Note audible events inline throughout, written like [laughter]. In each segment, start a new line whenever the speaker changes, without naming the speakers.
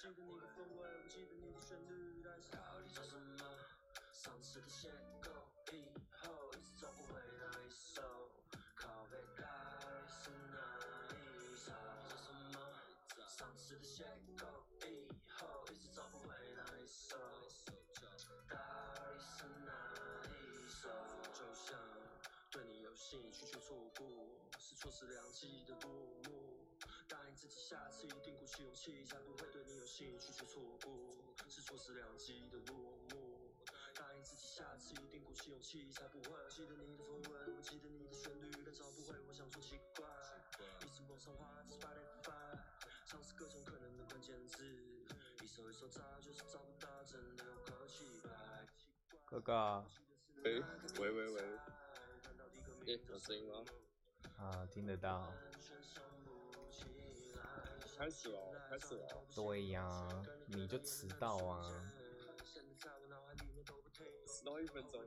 記得你的風味，我記得你的旋律，但是到底找什麼，上次的邂逅以後一直找不回那一首，靠北到底是哪一首？找什麼，上次的邂逅以後一直找不回那一首，到底是哪一首？就像對你有興趣卻錯過，是錯失良機的墮落哥哥、啊，誒、欸，喂喂喂，誒、欸，有聲音嗎？啊，
聽得到。
開
始了、哦，開始了、哦。對呀、啊，你就遲到啊。遲
到一分鐘、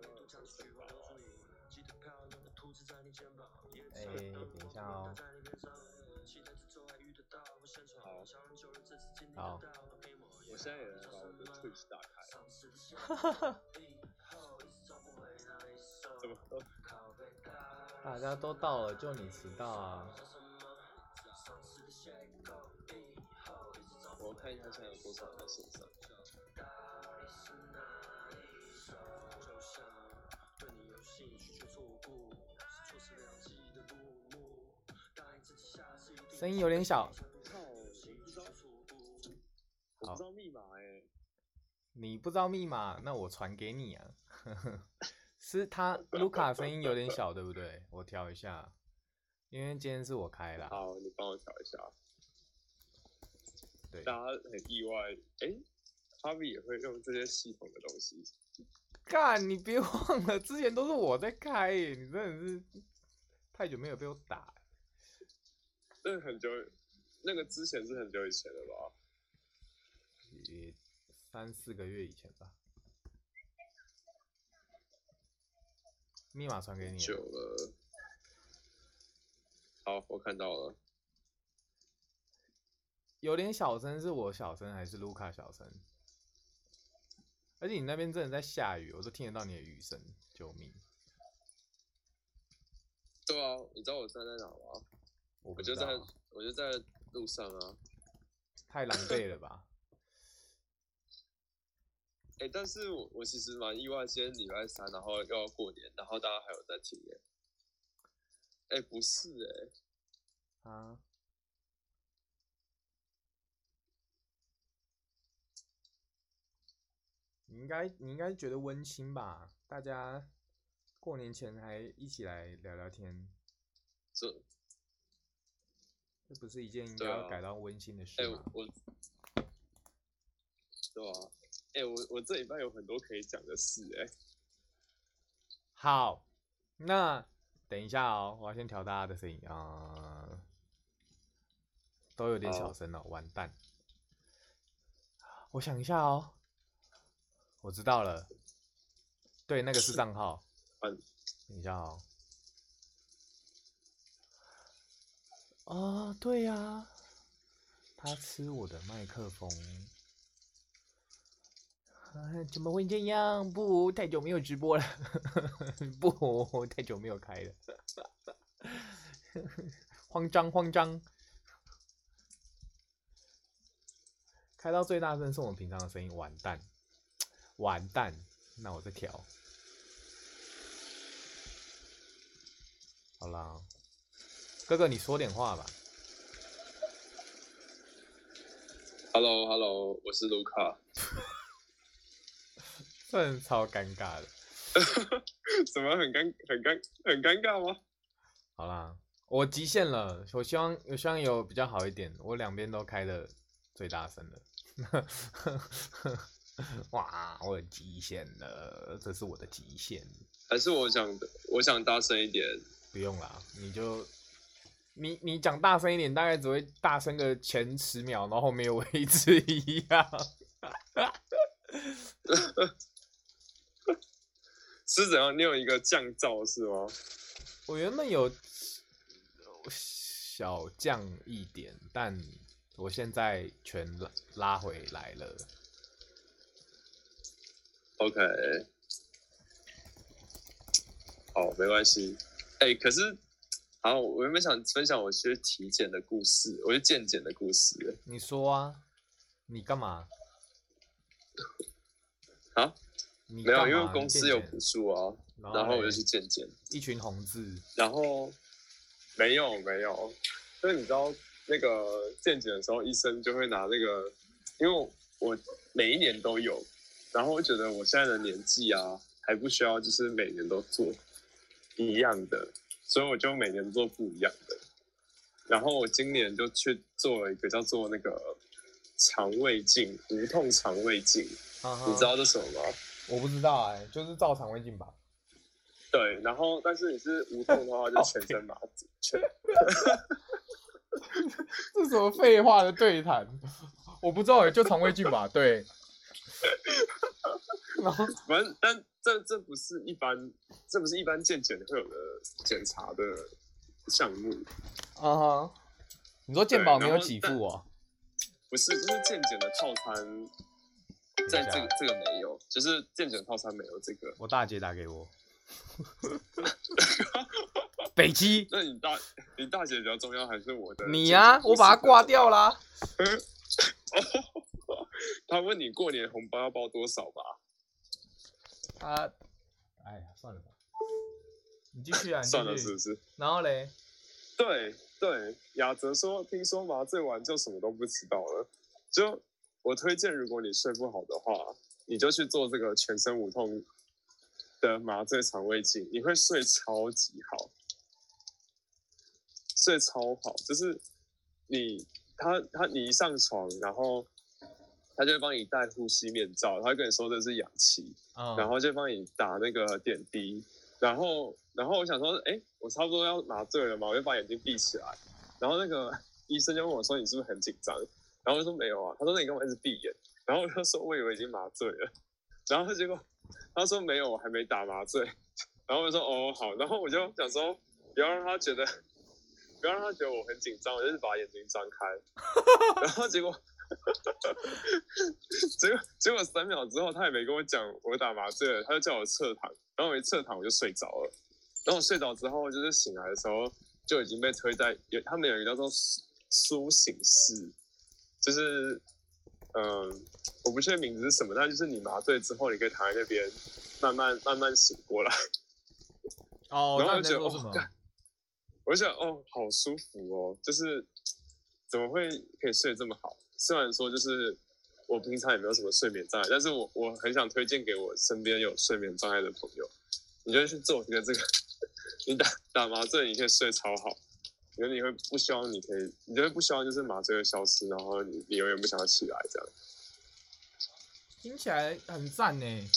欸、等一下哦。好。好。我現在也是把我的 Twitch 打開。哈哈。怎麼
都？大家都到了，就你遲到啊。
看一下，還有多少在身上。嗯？聲音有點小。好。我不知道密碼。
欸，你不知道密碼，那我傳給你啊。 [laughs] 是他，盧卡聲音有點小，對不對？我調一下，因為今天是我開的。好，你幫我調一下。大
家很意外，哎阿 a 也會用這些系統的東西。
幹，你別忘了，之前都是我在開，你真的是太久沒有被我打，這
很久，那個之前是很久以前了吧？
也三四個月以前吧。密碼傳給你。
久了。好，我看到了。
有點小聲，是我小聲還是盧卡小聲？而且你那邊真的在下雨，我都聽得到你的雨聲，救命！
對啊，你知道我站在哪嗎、啊？
我就在，
我就在路上啊，
太狼狽了吧？
哎、 [laughs] 欸，但是我我其實蠻意外，今天禮拜三，然後又要過年，然後大家還有在體驗。哎、欸，不是哎、欸，
啊？
你應該，你應該覺得溫馨吧？大家過年前還一起來聊聊天，這這不是一件應該要改到溫馨的事嗎？哎、啊欸，
我，對啊，哎、欸，我我這禮拜有很多可以講的事哎、
欸。好，那等一下哦，我要先調大家的聲音啊、呃，都有點小聲了，完蛋，我想一下哦。我知道了，對，那個是賬號、嗯。等一下啊！哦，對呀、啊，他吃我的麥克風、啊。怎麼會這樣？不，太久沒有直播了。 [laughs] 不，太久沒有開了。 [laughs] 慌張，慌張。開到最大聲是我們平常的聲音，完蛋。完蛋，那我再調。好啦，哥哥，你說點話吧。
Hello，Hello，hello，我是盧卡。
這 [laughs] 很超尷尬的。
怎 [laughs] 麼很尷很尷很尷尬
嗎？好啦，我極限了，我希望我希望有比較好一點，我兩邊都開的最大聲的。 [laughs] 哇！我有極限了，這是我的極限。
還是我想，我想大聲一點。
不用啦，你就你你講大聲一點，大概只會大聲個前十秒，然後沒有位置一,一樣。
[laughs] [laughs] 是怎樣？你有一個降噪是嗎？
我原本有小降一點，但我現在全拉拉回來了。
OK，好，oh，沒關係。哎、欸，可是，好，我原本想分享我其實體檢的故事，我是健檢的故
事。你說啊？你幹嘛？啊？沒有，因為公司有補
助啊健健。然後我就去健檢，
欸，一群紅字。
然後沒有沒有，所以你知道那個健檢的時候，醫生就會拿那個，因為我每一年都有。然後我覺得我現在的年紀啊，還不需要就是每年都做一樣的，所以我就每年都做不一樣的。然後我今年就去做了一個叫做那個腸胃鏡，無痛腸胃鏡、啊。你知道這什麼
嗎？我不知道哎、欸，就是照腸胃鏡吧。
對，然後但是你是無痛的話，就全身麻醉。 [laughs] 全 [laughs]
這是什麼廢話的對談？我不知道哎、欸，就腸胃鏡吧。對。
[laughs] 反正，但這這不是一般，這不是一般健檢會有的檢查的項目
啊。你、uh、說 -huh. 健保沒有給付啊？
不是，就是健檢的套餐，在這個、這個沒有，就是健檢套餐沒有這個。
我大姐打給我。 [laughs] [laughs] 北基極？ [laughs] 那
你大你大姐比較重要還是我的？你啊，這個、我把它掛
掉了、 [laughs] 哦。
他問你過年紅包要包多少吧？
啊、uh，哎呀，算了吧，你繼續啊，續 [laughs] 算了是不是？然後嘞？
對對，亞哲說，聽說麻醉完就什麼都不知道了。就我推薦，如果你睡不好的話，你就去做這個全身無痛的麻醉腸胃鏡，你會睡超級好，睡超好，就是你他他你一上床，然後。他就會幫你戴呼吸面罩，他會跟你說這是氧氣，oh. 然後就幫你打那個點滴，然後，然後我想說，哎、欸，我差不多要麻醉了嘛，我就把眼睛閉起來，然後那個醫生就問我說，你是不是很緊張？然後我就說沒有啊，他說那你跟我一直閉眼，然後我就說我以為已經麻醉了，然後結果他說沒有，我還沒打麻醉，然後我就說哦好，然後我就想說，不要讓他覺得，不要讓他覺得我很緊張，我就是把眼睛張開，然後結果。 [laughs] 哈哈，結果結果三秒之後，他也沒跟我講我打麻醉了，他就叫我側躺，然後我一側躺我就睡着了。然後我睡着之後，就是醒來的時候就已經被推在也，他們有一個叫做甦醒室，就是嗯我不確定名字是什麼，但就是你麻醉之後，你可以躺在那邊慢慢慢慢醒過來。
哦，然後我就覺得，哦，
幹，
我想哦好舒服哦，就是怎麼會可以睡這麼好？雖然說，就是我平常也沒有什麼睡眠障礙，但是我我很想推薦給我身邊有睡眠障礙的朋友，你就去做一下這個，你打打麻醉，你可以睡超好，因為你會不希望你可以，你就會不希望就是麻醉會消失，然後你永遠不想起來這樣。
聽起來很讚呢，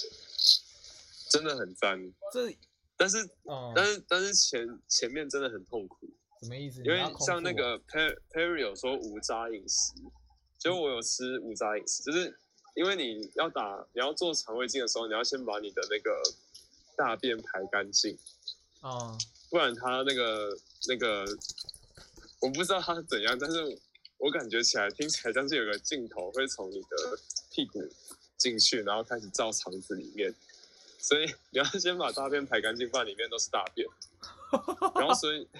真的很讚。
這是但是、嗯、但是但是前
前面真的很痛苦。什麼意思？
因為像那個
Perry Perry 有說無渣飲食。就我有吃無渣飲食，就是因為你要打，你要做腸胃鏡的時候，你要先把你的那個大便排乾淨。嗯。不然他那個那個，我不知道他是怎樣，但是我感覺起來聽起來像是有個鏡頭會從你的屁股進去，然後開始照腸子裡面。所以你要先把大便排乾淨，不然裡面都是大便。然後所以。 [laughs]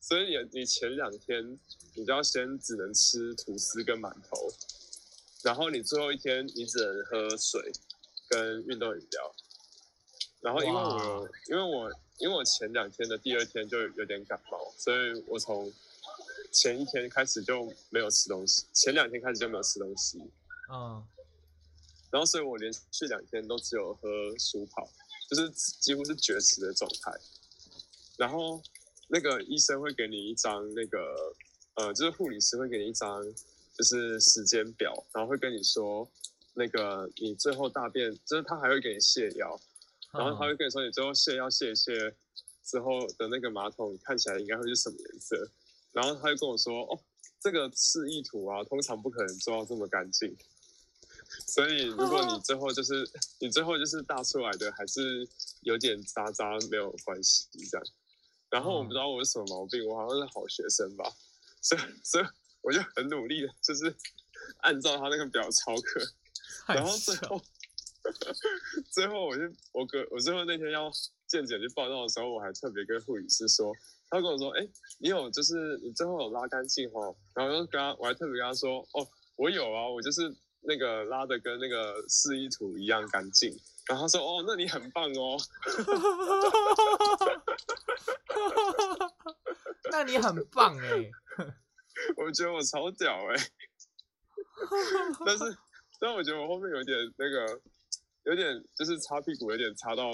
所以你你前兩天，你就要先只能吃吐司跟饅頭，然後你最後一天你只能喝水跟運動飲料，然後因為我、wow. 因為我因為我前兩天的第二天就有點感冒，所以我從前一天開始就沒有吃東西，前兩天開始就沒有吃東西，嗯、uh.，然後所以我連續兩天都只有喝舒跑，就是幾乎是絕食的狀態，然後。那個醫生會給你一張那個，呃，就是護理師會給你一張，就是時間表，然後會跟你說，那個你最後大便，就是他還會給你瀉藥，
然後他會
跟你說，你最後瀉藥瀉一瀉之後的那個馬桶，看起來應該會是什麼顏色，然後他就跟我說，哦，這個示意圖啊，通常不可能做到這麼乾淨，所以如果你最後就是你最後就是大出來的還是有點渣渣，沒有關係，這樣。然後我不知道我是什麼毛病，嗯，我好像是好學生吧，所以所以我就很努力的就是按照他那個表操課，然後最後最後我就我哥，我最後那天要健檢，去報到的時候，我還特別跟護理師說，他跟我說，哎，你有就是你最後有拉乾淨哦，然後我就跟他我還特別跟他說，哦，我有啊，我就是那個拉的跟那個示意圖一樣乾淨，然後他說，哦，那你很棒哦。 [laughs] 哈哈哈！哈，那你很棒欸。我覺得我超屌欸，
[laughs] 但是，
但我覺得我後面有點那個，有點就是擦屁股有點擦到，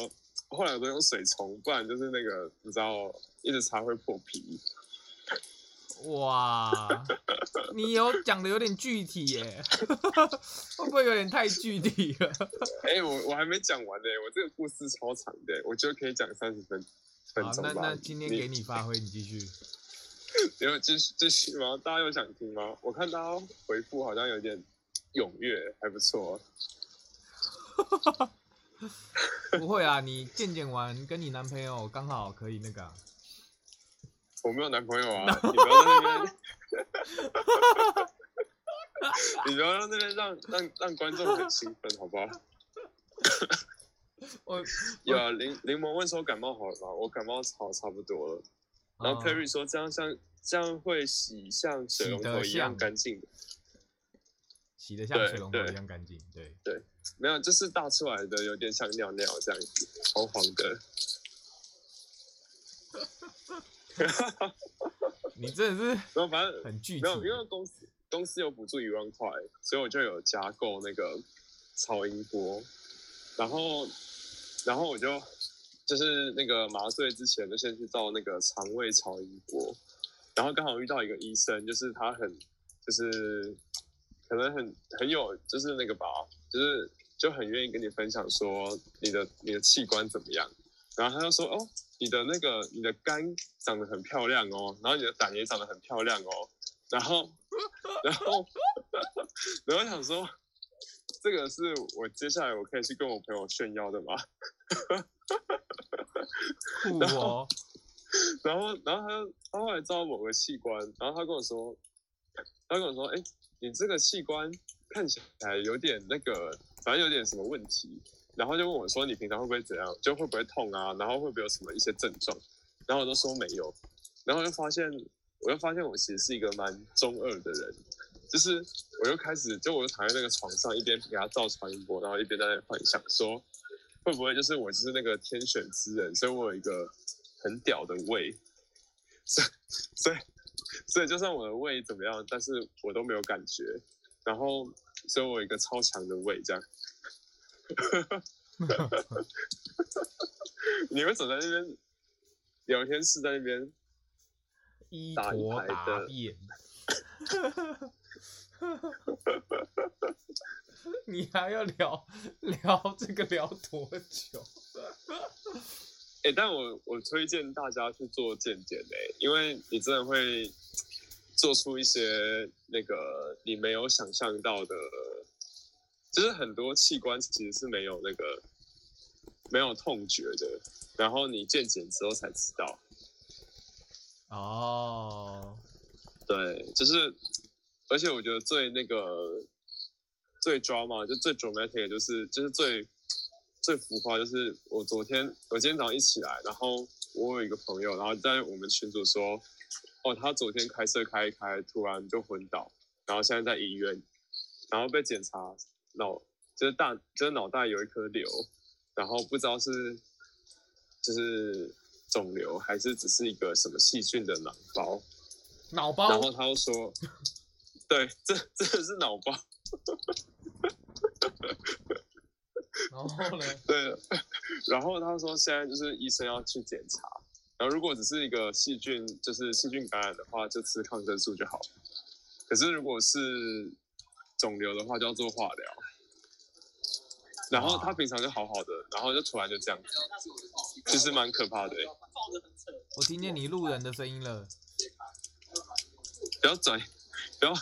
後來我都用水沖，不然就是那個你知道，一直擦會破皮。
[laughs] 哇，你有講的有點具體耶、欸， [laughs] 會不會有點太具體了？哎、 [laughs] 欸，我
我還沒講完呢、欸，我這個故事超長的、欸，我覺得可以講三十分
好，那那今天給你發揮，你繼續。
有繼續繼續嗎？大家有想聽嗎？我看大家回復好像有點踴躍，還不錯。
[laughs] 不會啊，你健健完跟你男朋友剛好可以那個。
我沒有男朋友啊！你不要在那邊。 [laughs] 你不要在那邊讓讓讓觀眾很興奮，好不好？ [laughs] 我有啊，檸、林檸檬。問說感冒好了嗎？我感冒好差不多了。哦、然後 Perry 說這樣像這樣會洗像水龍頭一樣乾淨，
洗得像水龍頭一樣乾淨。對對,
對,對，沒有，就是大出來的有點像尿尿這樣子，黃黃的。 [laughs] [laughs] 你真的是，然後反正很具體。沒有，因為公司公司有補助一萬塊，所以我就有加購那個超音波。然後，然後我就，就是那個麻醉之前，就先去照那個腸胃超音波，然後剛好遇到一個醫生，就是他很，就是，可能很很有，就是那個吧，就是就很願意跟你分享說你的你的器官怎麼樣，然後他就說，哦，你的那個你的肝長得很漂亮哦，然後你的膽也長得很漂亮哦，然後，然後，然後，然後想說。這個是我接下來我可以去跟我朋友炫耀的嗎？
[laughs] 然後、
哦，然後，然後他他後來找我某個器官，然後他跟我說，他跟我說，哎，你這個器官看起來有點那個，反正有點什麼問題，然後就問我說，你平常會不會怎樣，就會不會痛啊，然後會不會有什麼一些症狀，然後我都說沒有，然後就發現，我就發現我其實是一個蠻中二的人。就是，我又開始，就我就躺在那個床上，一邊給他照超音波，然後一邊在那幻想說，會不會就是我就是那個天選之人，所以我有一個很屌的胃，所以所以所以就算我的胃怎麼樣，但是我都沒有感覺，然後所以我有一個超強的胃這樣，哈哈哈哈哈哈哈哈哈！你們走在那邊，聊天室在那邊，
打牌的，哈哈哈。 [laughs] 哈哈哈哈哈！你還要聊聊這個聊多久？
欸、但我我推薦大家去做健檢的，欸、因為你真的會做出一些那個你沒有想象到的，就是很多器官其實是沒有那個沒有痛覺的，然後你健檢之後才知道。哦、Oh.，對，就是。而且我覺得最那個最抓嘛，就最 dramatic 的就是就是最最浮誇，就是我昨天我今天早上一起來，然後我有一個朋友，然後在我們群組說，哦，他昨天開車開一開，突然就昏倒，然後現在在醫院，然後被檢查腦就是大就是腦袋有一顆瘤，然後不知道是就是腫瘤還是只是一個什麼細菌的腦包，
腦包，然後
他又說。 [laughs] 對，這真的是腦包。 [laughs] 然後呢？對，然後他說現在就是醫生要去檢查，然後如果只是一個細菌，就是細菌感染的話，就吃抗生素就好，可是如果是腫瘤的話，就要做化療。然後他平常就好好的，然後就突然就這樣，
其實蠻可怕的。
我聽見你路人的聲音了。
不要轉，不要。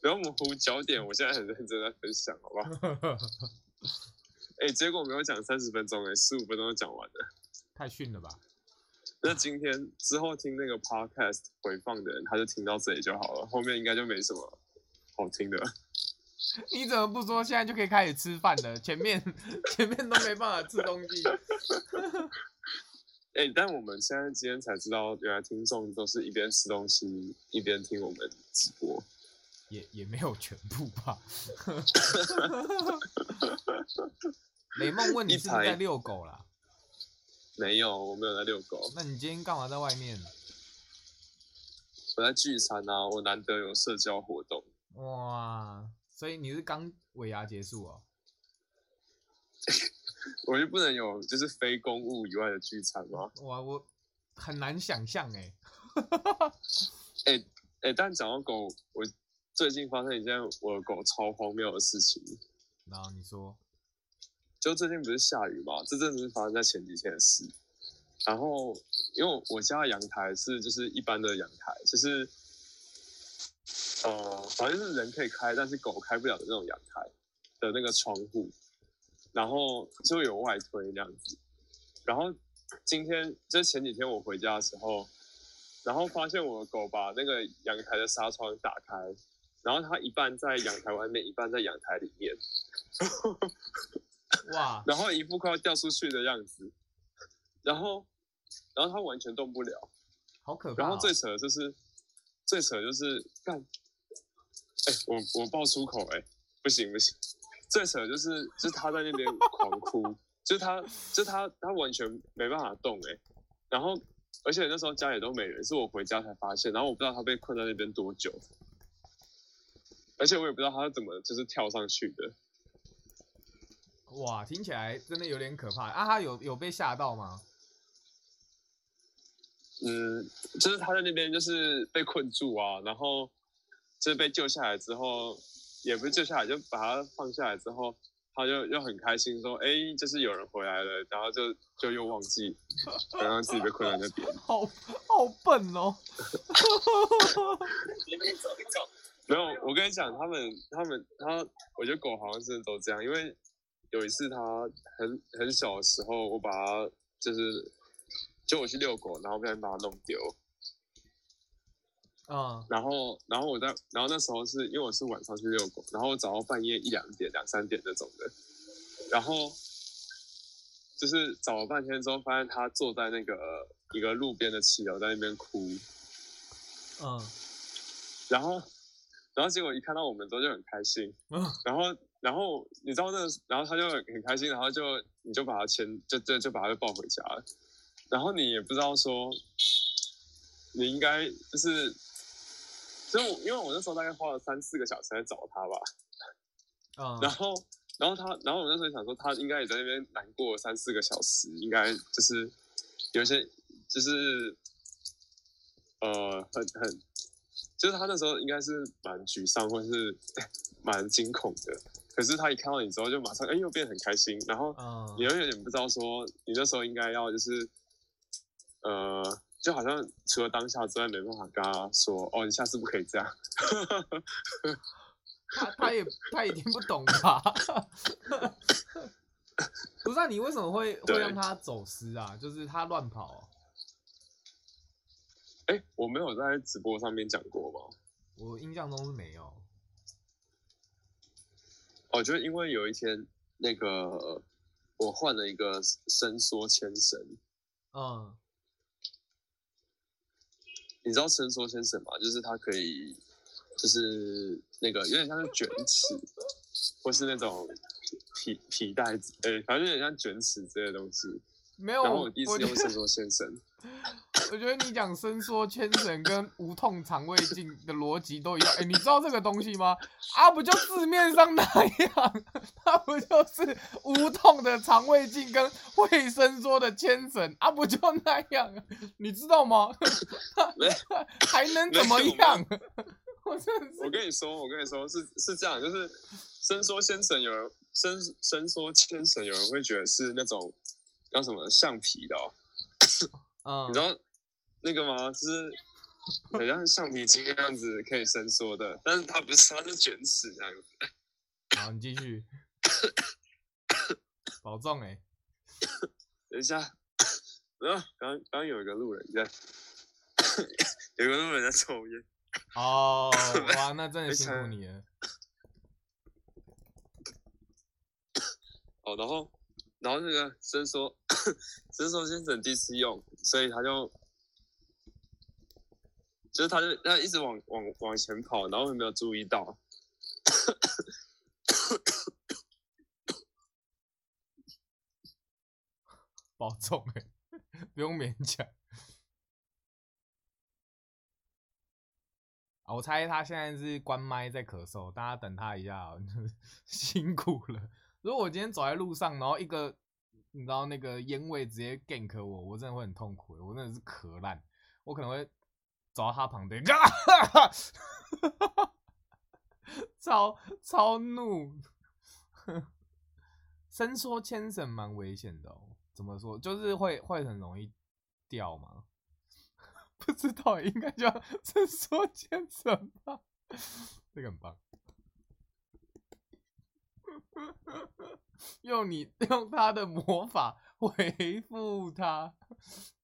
不要模糊焦點，我現在很認真在分享，好不
好？
哎、 [laughs] 欸，結果沒有講三十分鐘，哎，十五分鐘就講完了，
太遜了吧？
那今天之後聽那個 podcast 回放的人，他就聽到這裡就好了，後面應該就沒什麼好聽的。 [laughs]
你怎麼不說現在就可以開始吃飯了？ [laughs] 前面前面都沒辦法吃東西。哎
[laughs] 欸，但我們現在今天才知道，原來聽眾都是一邊吃東西一邊聽我們直播。
也也沒有全部吧。美 [laughs] 夢 [laughs] 問你是不是在遛狗啦？沒有，我沒有在遛狗。那你今天幹嘛在外面？
我在聚餐啊，我難得有社交活動。
哇，所以你是剛尾牙結束哦？
[laughs] 我就不能有就是非公務以外的聚餐嗎？
哇，我很難想象哎、欸。哎
[laughs] 欸欸、但講到狗，我。最近發生一件我的狗超荒謬的事情，然後你說，就最近不是下雨嘛？這陣子是發生在前幾天的事。然後因為我家的陽台是就是一般的陽台，就是，呃，反正是人可以開，但是狗開不了的那種陽台的那個窗戶，然後就有外推那樣子。然後今天，就是前幾天我回家的時候，然後發現我的狗把那個陽台的紗窗打開。然後他一半在陽台外面，一半在陽台裡面，哇、 [laughs]
wow.！
然後一副快要掉出去的樣子，然後，然後他完全動不了，好可怕、啊！然後最扯的就是，最扯的就是幹哎、欸，我我爆粗口哎、欸，不行不行！最扯的就是，就是他在那邊狂哭， [laughs] 就是他，就他，他完全沒辦法動哎、欸。然後，而且那時候家裡都沒人，是我回家才發現。然後我不知道他被困在那邊多久。而且我也不知道他是怎麼就是跳上去的，
哇，聽起來真的有點可怕啊！他有有被嚇到嗎？嗯，
就是他在那邊就是被困住啊，然後，就是被救下來之後，也不是救下來，就把他放下來之後，他就又很開心說：“哎、欸，就是有人回來了。”然後就就又忘記，然後自己被困在那邊，
[laughs] 好好笨哦！哈 [laughs] 哈 [laughs] [laughs] 你先走，你走。
沒有，我跟你講，他們，他們，他，我覺得狗好像是都這樣。因為有一次他，它很很小的時候，我把它就是，就我去遛狗，然後不小心把它弄丟。啊、uh.。然後，然後我在，然後那時候是因為我是晚上去遛狗，然後我找到半夜一兩點、兩三點那種的。然後，就是找了半天之後，發現它坐在那個一個路邊的騎樓在那邊哭。嗯、uh.。然後。然後結果一看到我們之後就很開心，Oh. 然後然後你知道那個，然後他就很開心，然後就你就把他牽，就就就把他抱回家了。然後你也不知道說，你應該就是，就因為我那時候大概花了三四個小時來找他吧
，Uh. 然後
然後他，然後我那時候想說他應該也在那邊難過三四個小時，應該就是有一些就是呃很很。很就是他那時候應該是蠻沮喪或是欸、蠻驚恐的，可是他一看到你之後就馬上哎、欸、又變得很開心，然後你又有點不知道說你那時候應該要就是呃就好像除了當下之外沒辦法跟他說哦你下次不可以這樣，
[laughs] 他他也他也聽不懂吧？ [laughs] 不，那你為什麼會會讓他走失啊？就是他亂跑。
哎，我沒有在直播上面講過吧？
我印象中是沒有。
哦，就是因為有一天那個我換了一個伸縮牽繩。嗯。你知道伸縮牽繩嗎？就是它可以，就是那個有點像是捲尺，或是那種皮皮帶子，哎，反正有點像捲尺這些東西。
沒有。然後我第一次用伸縮牽繩。我覺得你講伸縮牽繩跟無痛腸胃鏡的邏輯都一樣。欸，你知道這個東西嗎？啊，不就字面上那樣？它、啊、不就是無痛的腸胃鏡跟會伸縮的牽繩啊？不就那樣，你知道嗎？ [coughs] [coughs] 還能怎麼樣？ [coughs] 我跟你
說，我跟你說是是這樣，就是伸縮牽繩有人伸伸縮牽繩，有人會覺得是那種叫什麼橡皮的哦，哦、嗯。你知道？那個嗎？就是好像橡皮筋那樣子可以伸縮的，但是它不是，它是捲尺那樣
子。好，你繼續。 [coughs] 保重哎、欸。
等一下，啊，剛剛有一個路人在， [coughs] 有一個路人在抽煙。
哦、oh, [coughs] 哇，那真的辛苦你。哦，然
後，然後那個伸縮，伸縮先等第一次用，所以他就。就是他就他一直往往往前跑，然後沒有注意到。
[coughs] 保重哎、欸，不用勉強。我猜他現在是關麥在咳嗽，大家等他一下啊， [laughs] 辛苦了。如果我今天走在路上，然後一個你知道那個煙味直接 gank 我，我真的會很痛苦的，我真的是咳爛，我可能會。找他旁邊， [laughs] 超超怒！伸縮牽繩蠻危險的。喔，怎麼說？就是會會很容易掉嗎？不知道，應該叫伸縮牽繩吧。這個很棒。用你用他的魔法回復他。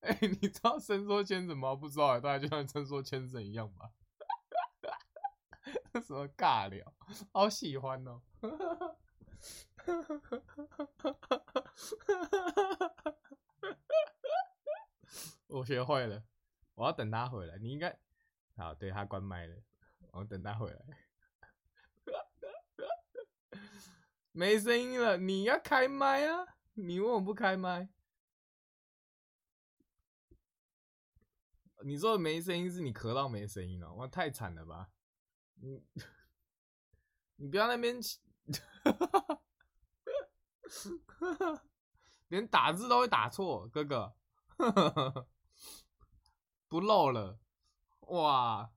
哎、欸，你知道伸縮簽怎麼？不知道，大家就像伸縮簽怎一樣吧。 [laughs] 什麼尬聊，好喜歡哦、喔。 [laughs] 我學會了，我要等他回來。你應該好，對他關麥了，我等他回來。 [laughs] 沒聲音了，你要開麥啊！你問我不開麥？你說的沒聲音是你咳到沒聲音了，哇太慘了吧！你，你不要那邊，哈哈哈哈哈，連打字都會打錯，哥哥， [laughs] 不漏了，哇，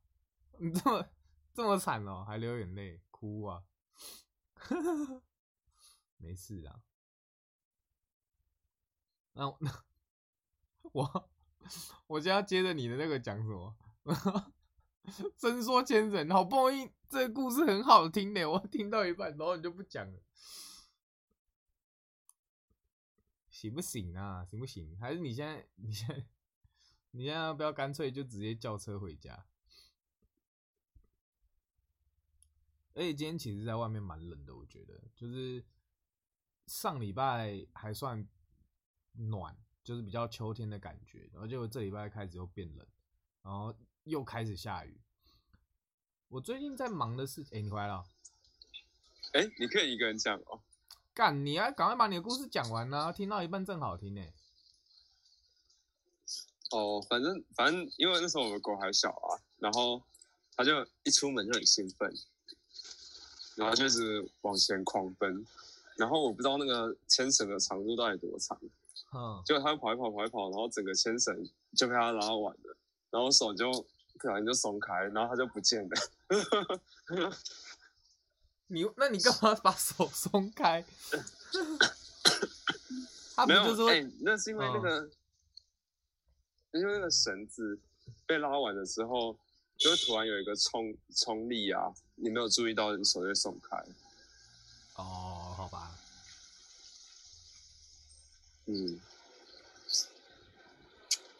你這麼這麼慘哦，還流眼淚哭啊， [laughs] 沒事啊，那那我。我就要接着你的那個講什麼？ [laughs] 伸縮千人，好不容易這個故事很好聽呢，我聽到一半，然後你就不講了，行不行啊？行不行？還是你現在，你現在，你現在要不要，乾脆就直接叫車回家。而且今天其實，在外面蠻冷的，我覺得，就是上禮拜還算暖。就是比較秋天的感覺，然後就這禮拜開始又變冷，然後又開始下雨。我最近在忙的是，哎、欸，你回來了，
哎、欸，你可以一個人講哦、喔。
幹，你啊，趕快把你的故事講完啊。聽到一半正好聽呢、欸。
哦，反正反正，因為那時候我們狗還小啊，然後它就一出門就很興奮，然後就是往前狂奔，然後我不知道那個牽繩的長度到底多長。就他跑一跑，跑一跑，然後整個牽繩就被他拉完了，然後手就突然就鬆開，然後他就不見了。
[laughs] 你那你幹嘛把手鬆開？ [coughs] [coughs] 他沒有說、欸，那是
因為那個，哦、因為那個繩子被拉完的時候，就突然有一個衝衝力啊，你沒有注意到你手就鬆開。
哦，好吧。
嗯，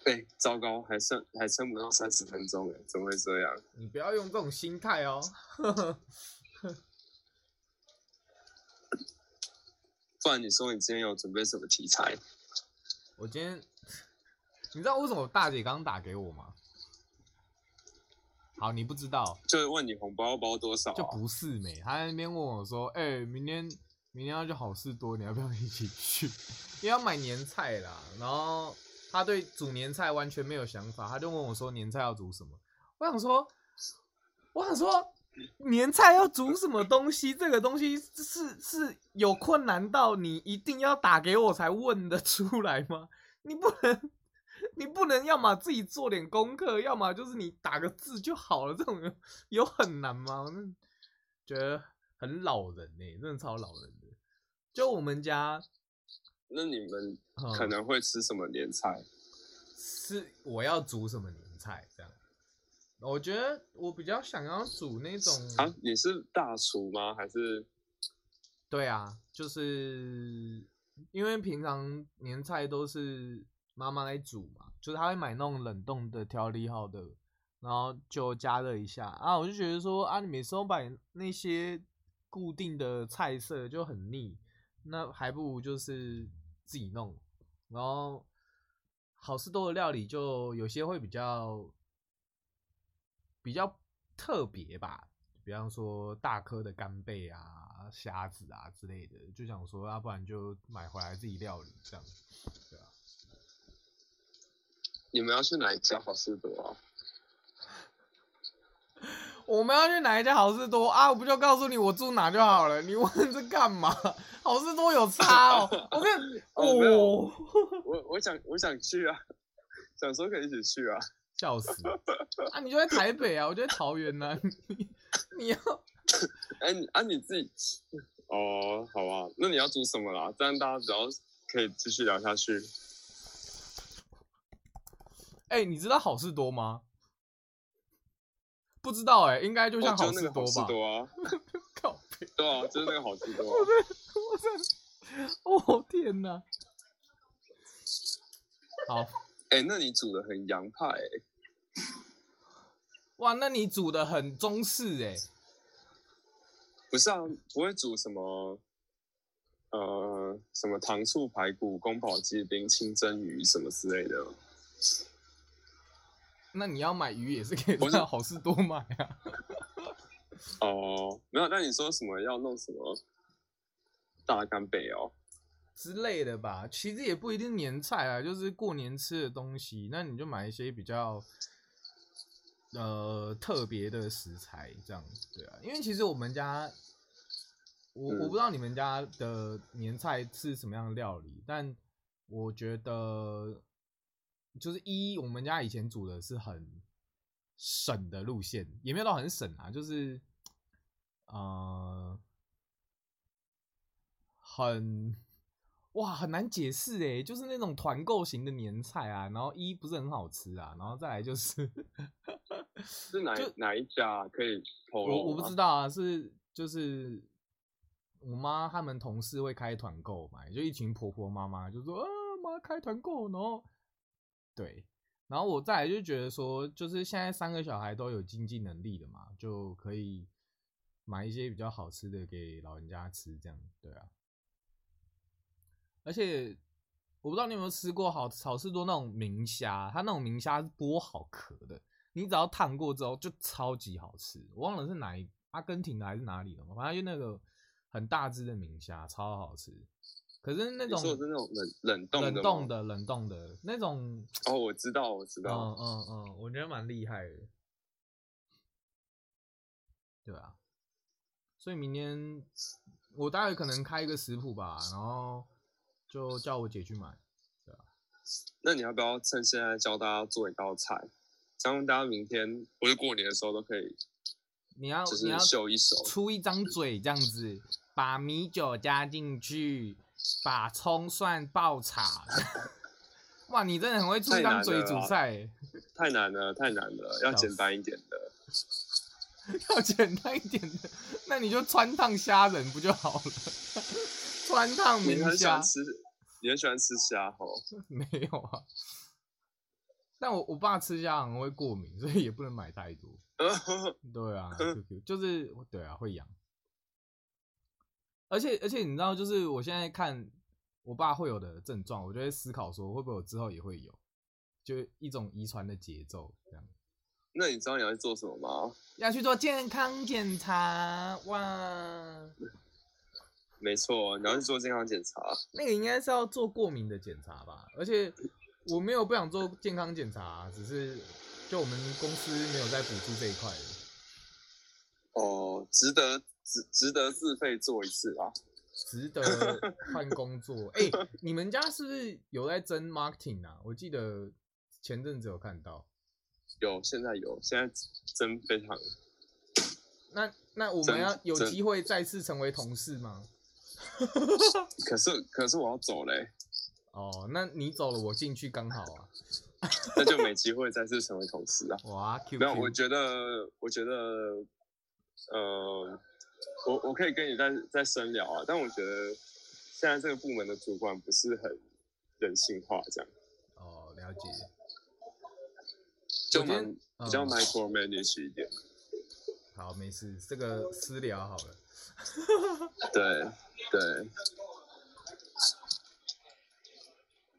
哎、欸，糟糕，還剩還剩不到三十分鐘哎，怎麼會這樣？
你不要用這種心態哦，
[laughs] 不然你說你今天
有準備什麼題材？我今天，你知道為什麼大姐剛打給我嗎？好，你不知道，就是問你紅包包多少。啊？就不是沒，他在那邊問我說，哎、欸，明天。明天要去好事多，你要不要一起去？因為要買年菜啦。然後他對煮年菜完全沒有想法，他就問我說：“年菜要煮什麼？”我想說，我想說，年菜要煮什麼東西？這個東西是是有困難到你一定要打給我才問得出來嗎？你不能，你不能，要麼自己做點功課，要麼就是你打個字就好了。這種有很難嗎？覺得很老人呢、欸，真的超老人。就我們家，
那你們可能會吃什麼年菜，嗯？
是我要煮什麼年菜這樣？我覺得我比較想要煮那種啊。
你是大廚嗎？還是？
對啊，就是因為平常年菜都是媽媽來煮嘛，就是她會買那種冷凍的調理好的，然後就加熱一下啊。我就覺得說啊，你每次都買那些固定的菜色就很膩。那還不如就是自己弄，然後好市多的料理就有些會比較比較特別吧，比方說大顆的干貝啊、蝦子啊之類的，就想說要、啊、不然就買回來自己料理這樣子，對啊，
你們要去哪一家好市多啊？ [laughs] [laughs]
我們要去哪一家好事多啊？我不就告訴你我住哪就好了，你問這幹嘛？好事多有差哦。 [laughs] 我跟你、
哦哦哦，我我我想我想去啊，想說可以一起去啊。
笑死了！啊，你就在台北啊，我就在桃園啊。 [laughs] 你，
你要、欸？哎，啊你自己哦，好吧、啊，那你要煮什麼啦？這樣大家只要可以繼續聊下去。
哎、欸，你知道好事多嗎？不知道哎、欸，應該就像好吃多吧，、哦就是多啊 [laughs] 靠？對啊，就是那個好吃多、啊。 [laughs] 哦天哪！
好，哎、欸，那你煮得很洋派哎、
欸！哇，那你煮得很中式哎、欸！
不是啊，不會煮什麼，呃，什麼糖醋排骨、宮保雞丁、清蒸魚什麼之類的。
那你要買魚也是可以，我想好市多買啊。
[laughs] [laughs] 哦，沒有，那你說什麼要弄什麼大干貝哦
之類的吧？其實也不一定年菜啊，就是過年吃的東西，那你就買一些比較呃特別的食材這樣子，對啊。因為其實我們家我我不知道你們家的年菜是什麼樣的料理、嗯，但我覺得。就是一我們家以前煮的是很省的路線，也沒有到很省啊，就是嗯、呃、很哇很難解釋哎，就是那種團購型的年菜啊，然後一不是很好吃啊，然後再來就是
是哪哪一家可以投我我不知
道啊，是就是我媽他們同事會開團購買，就一群婆婆媽媽就說啊媽開團購，然後。對，然後我再來就覺得說，就是現在三個小孩都有經濟能力了嘛，就可以買一些比較好吃的給老人家吃，這樣對啊。而且我不知道你有沒有吃過好好市多那種明蝦，它那種明蝦是剝好殼的，你只要燙過之後就超級好吃。我忘了是哪裡，阿根廷的還是哪裡的，反正就那個很大隻的明蝦，超好吃。可是那種，你說是那種冷冷凍的冷凍的、
的，那種。哦，我知道，我知道。嗯嗯
嗯，我覺得蠻厲害的。對啊。所以明天我大概可能開一個食譜吧，然後就叫我姐去買。對啊。
那你要不要趁現在教大家做一道菜，這樣大家明天或是過年的時候都可以。
你要，就是，你要秀一手，出一張嘴這樣子，把米酒加進去。把蔥蒜爆炒， [laughs] 哇，你真的很會煮湯水煮菜
太，太難了，太難了，要簡單一點的， [laughs] 要簡
單一點的，那你就汆燙蝦仁不就好了？汆 [laughs] 燙明蝦你很喜歡
吃，你很喜歡吃蝦吼？
[laughs] 沒有啊，但我我爸吃蝦很會過敏，所以也不能買太多。 [laughs] 對啊， [laughs] 就是對啊，會癢。而且而且，而且你知道，就是我現在看我爸會有的症狀，我就會思考說，會不會我之後也會有，就一種遺傳的節奏這樣。
那你知道你要去做什麼嗎？
要去做健康檢查。哇，
沒錯，你要去做健康檢查，
[laughs] 那個應該是要做過敏的檢查吧？而且我沒有不想做健康檢查啊，只是就我們公司沒有在補助這一塊。哦，
值得。值值得自費做一次啊，
值得換工作哎、 [laughs] 欸！你們家是不是有在徵 marketing 啊？我記得前陣子有看到，
有現在有現在徵非常。
那那我們要有機會再次成為同事嗎？
可是可是我要走
嘞、欸。哦，那你走了我進去剛好啊，
[laughs] 那就沒機會再次成為同事啊。哇，Q，沒有，我覺得我覺得呃。我我可以跟你再再深聊啊，但我覺得現在這個部門的主管不是很人性化這樣。哦，了解。就蠻、嗯、比較 micromanage 一點。
好，沒事，這個私聊好了。 [laughs]
對對。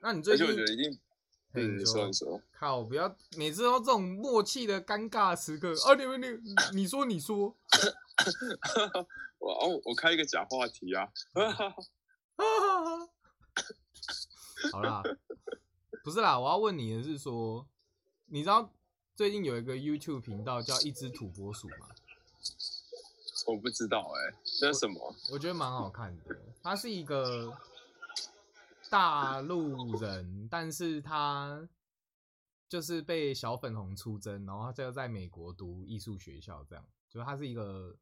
那你最近？
而且我覺得一定你。你說說。好，不要每次都這種默契的尷尬的時刻，而你你你你說你說。你說 [coughs] [laughs] 我哦，我開一個假話題啊！哈， [laughs] [laughs] 好啦，不是啦，我要問你的是說，你知道最近有一個 YouTube 頻道叫一隻土撥鼠嗎？我
不知道哎、欸，那什麼？我，
我覺得蠻好看的。 [laughs] 他是一個大陸人，但是他就是被小粉紅出征，然後他就要在美國讀藝術學校，這樣，就是他是一個。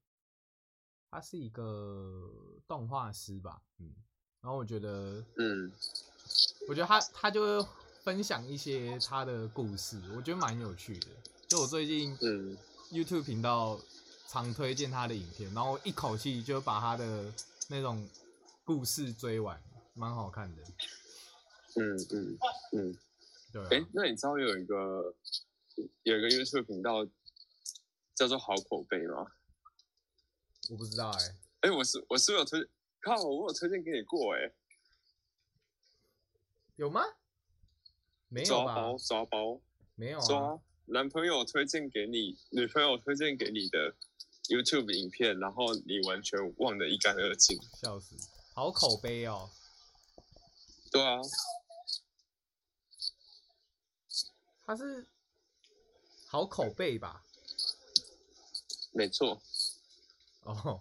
他是一個動畫師吧，嗯，然後我覺得，嗯，我覺得他他就會分享一些他的故事，我覺得蠻有趣的。就我最近，嗯，YouTube 頻道常推薦他的影片，然後一口氣就把他的那種故事追完，蠻好看的。嗯嗯
嗯，
對啊。哎，
那你知道有一個有一個 YouTube 頻道叫做好口碑嗎？我不知道哎、欸，哎、欸，我是，我是不是有推靠，我有推薦給你過哎、欸，
有嗎？沒有抓包抓包，沒有啊，抓
男朋友推薦給你，女朋友推薦給你的 YouTube 影片，然後你完全忘得一乾二淨，
笑死，好口碑哦。對啊，他是好口碑吧？
欸，沒錯。哦，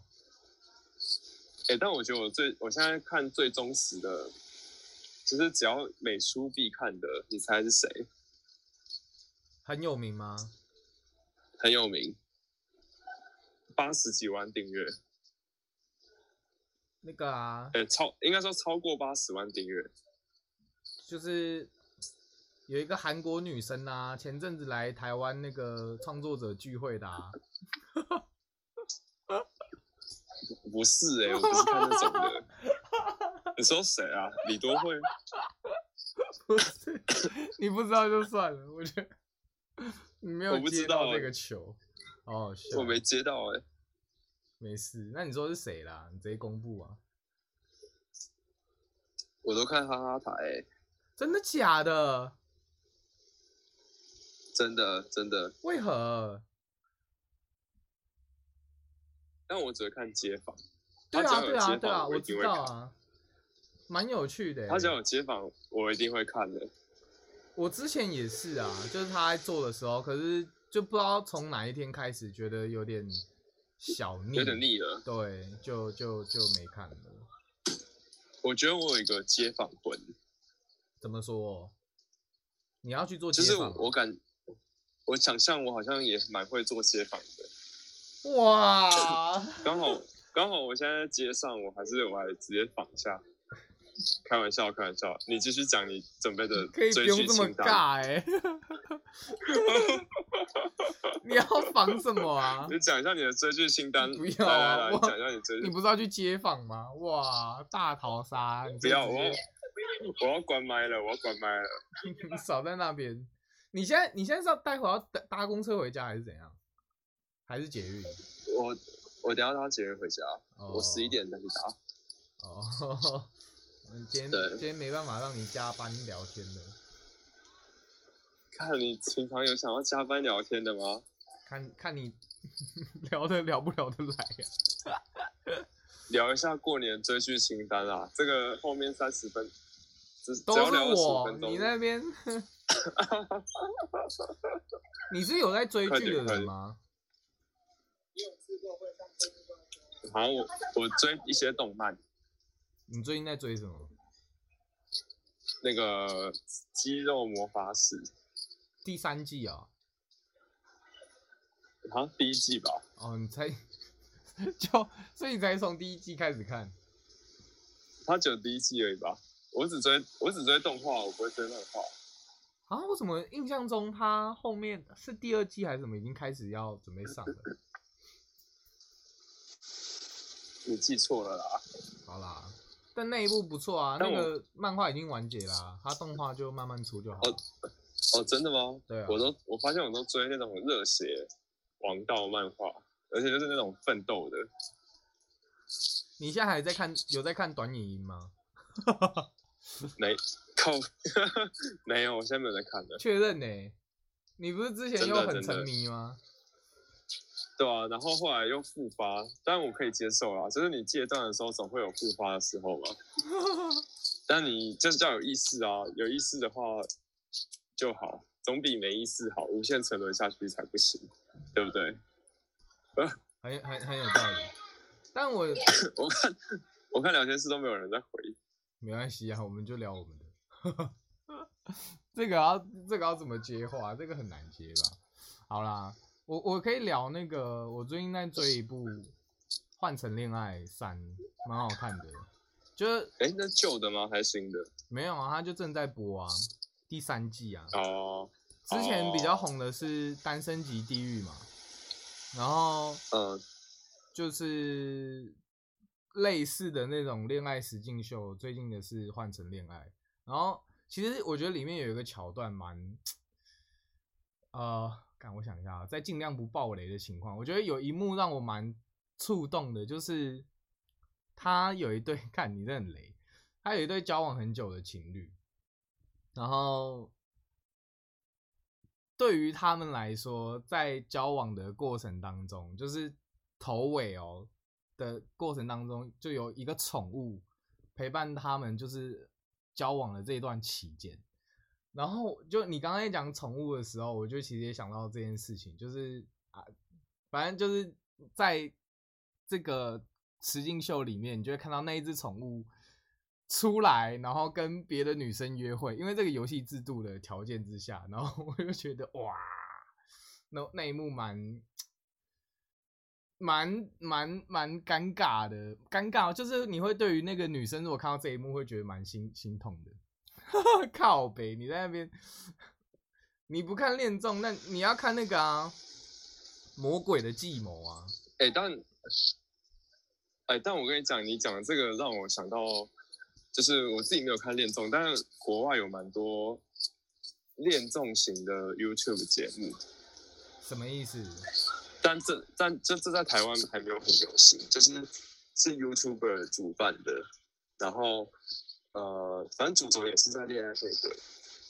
哎，但我覺得我最，我現在看最忠實的，就是只要每出必看的，你猜是誰？
很有名嗎？
很有名，八十幾萬訂閱。
那個啊，哎、欸，
超，應該說超過八十萬訂
閱，就是有一個韓國女生啊，前陣子來台灣那個創作者聚會的。啊。 [laughs]
不是、欸、我不是看那種的。 [laughs] 你說誰啊？李多
慧？不是，你不知道就算了。我覺得沒有接到那個球。哦、欸，oh, sure. 我沒接到哎、欸。沒事，那你說是誰啦？你直接公布啊。
我都
看哈哈台、欸。真的假的？真
的真的。
為何？但
我只會看街訪。
對啊對啊對啊，對啊我，我知道啊，蠻有趣的。他
只要有街訪，我一定會看的。
我之前也是啊，就是他在做的時候，可是就不知道從哪一天開始覺得有點小膩，有點膩了。對，就就就沒看了。
我覺得我有一個街訪魂，
怎麼說？
你要去做街訪。其、就、實、是、我感，我想象我好像也蠻會做街訪的。
哇，
剛好剛好，好，我現在在街上，我還是我還直接訪一下，開玩笑開玩笑，你繼續講你準備的追劇清單，可以不用這麼尬哎、欸，
[laughs] 你要訪什麼啊？你
講一下你的追劇清單，不要，啊，來、oh, 講一下你
追，你不是要去街訪嗎？哇，大逃殺，你不要，你我要我要關麥了，我要關麥了，你少在那邊，你現在你現在是要待會要搭搭公車回家還是怎樣？還是捷
運。我我等一下搭捷運回家，oh. 我十一點再去打。
哦、oh.，今天今天沒辦法讓你加班聊天的。
看你平常有想要加班聊天的嗎？
看看你聊得聊不聊得來呀、啊？
[laughs] 聊一下過年的追劇清單啊，這個後面三十分，只都是
我只要聊十分鐘。你那邊？ [laughs] [laughs] 你是有在追劇的人嗎？
你
有過會上過的好，我我追
一些動漫。你最近在追什麼？
那個《肌肉魔法使》
第三季啊、哦？好
像第一季吧？
哦，你才就所以你才從第一季開始看？
他只有第一季而已吧？我只追我只追動畫，我不會追漫畫。
啊，為什麼印象中他後面是第二季還是什麼，已經開始要準備上了？ [laughs] 你記錯了啦，好啦，但那一部不錯啊，那個漫畫已經完結啦，啊，它動畫就慢慢出就好。哦，
哦，真的嗎？對啊，我都我發現我都追那種熱血、王道漫畫，而且就是那種奮鬥的。
你現在還在看，有在看短影音嗎？
沒，靠，沒有，我現在沒有在看了。確認
呢。欸？你不是之前又很沉迷嗎？
對啊，然後後來又復發，但我可以接受啊，就是你戒斷的時候總會有復發的時候嘛。 [laughs] 但你真是要有意識啊，有意識的話就好，總比沒意識好，無限沉淪下去才不行，對不對？啊，
很很有道理。
[laughs] 但我 [laughs] 我看我看聊天室都沒有人在回，沒關係啊，我們就聊我們的。 [laughs] 這個要這個要怎麼接話？這個很難接吧？好啦。我我可以聊那個，我最近在追一部《換乘戀愛三》，蠻好看的。
就是，誒那舊的嗎？還是新的？
沒有啊，它就正在播啊，第三季啊。哦。
之前比較
紅的是《單身即地獄》嘛，哦，然後呃，就是類似的那種戀愛實境秀。最近的是《換乘戀愛》，然後其實我覺得裡面有一個橋段蠻，呃。我想一下，在盡量不爆雷的情況，我覺得有一幕讓我蠻觸動的，就是他有一對，看，你這很雷，他有一對交往很久的情侶，然後對於他們來說，在交往的過程當中，就是頭尾哦的過程當中，就有一個寵物陪伴他們，就是交往的這一段期間。然後就你剛才講寵物的時候，我就其實也想到這件事情，就是啊，反正就是在這個雌競秀裡面，你就會看到那一隻寵物出來，然後跟別的女生約會，因為這個遊戲制度的條件之下，然後我就覺得哇，那那一幕蠻蠻蠻蠻，蠻，蠻，蠻尷尬的，尷尬就是你會對於那個女生，如果看到這一幕，會覺得蠻心心痛的。 [laughs] 靠北！你在那邊，你不看戀綜，那你要看那個啊，魔鬼的計謀啊！
欸、但、欸、但我跟你講，你講的這個讓我想到，就是我自己沒有看戀綜，但是國外有蠻多戀綜型的 YouTube 節目。
什麼意思？
但這但這在台灣還沒有很流行，就是是 YouTuber 主辦的，然後。呃，反正主角也是在戀愛配對，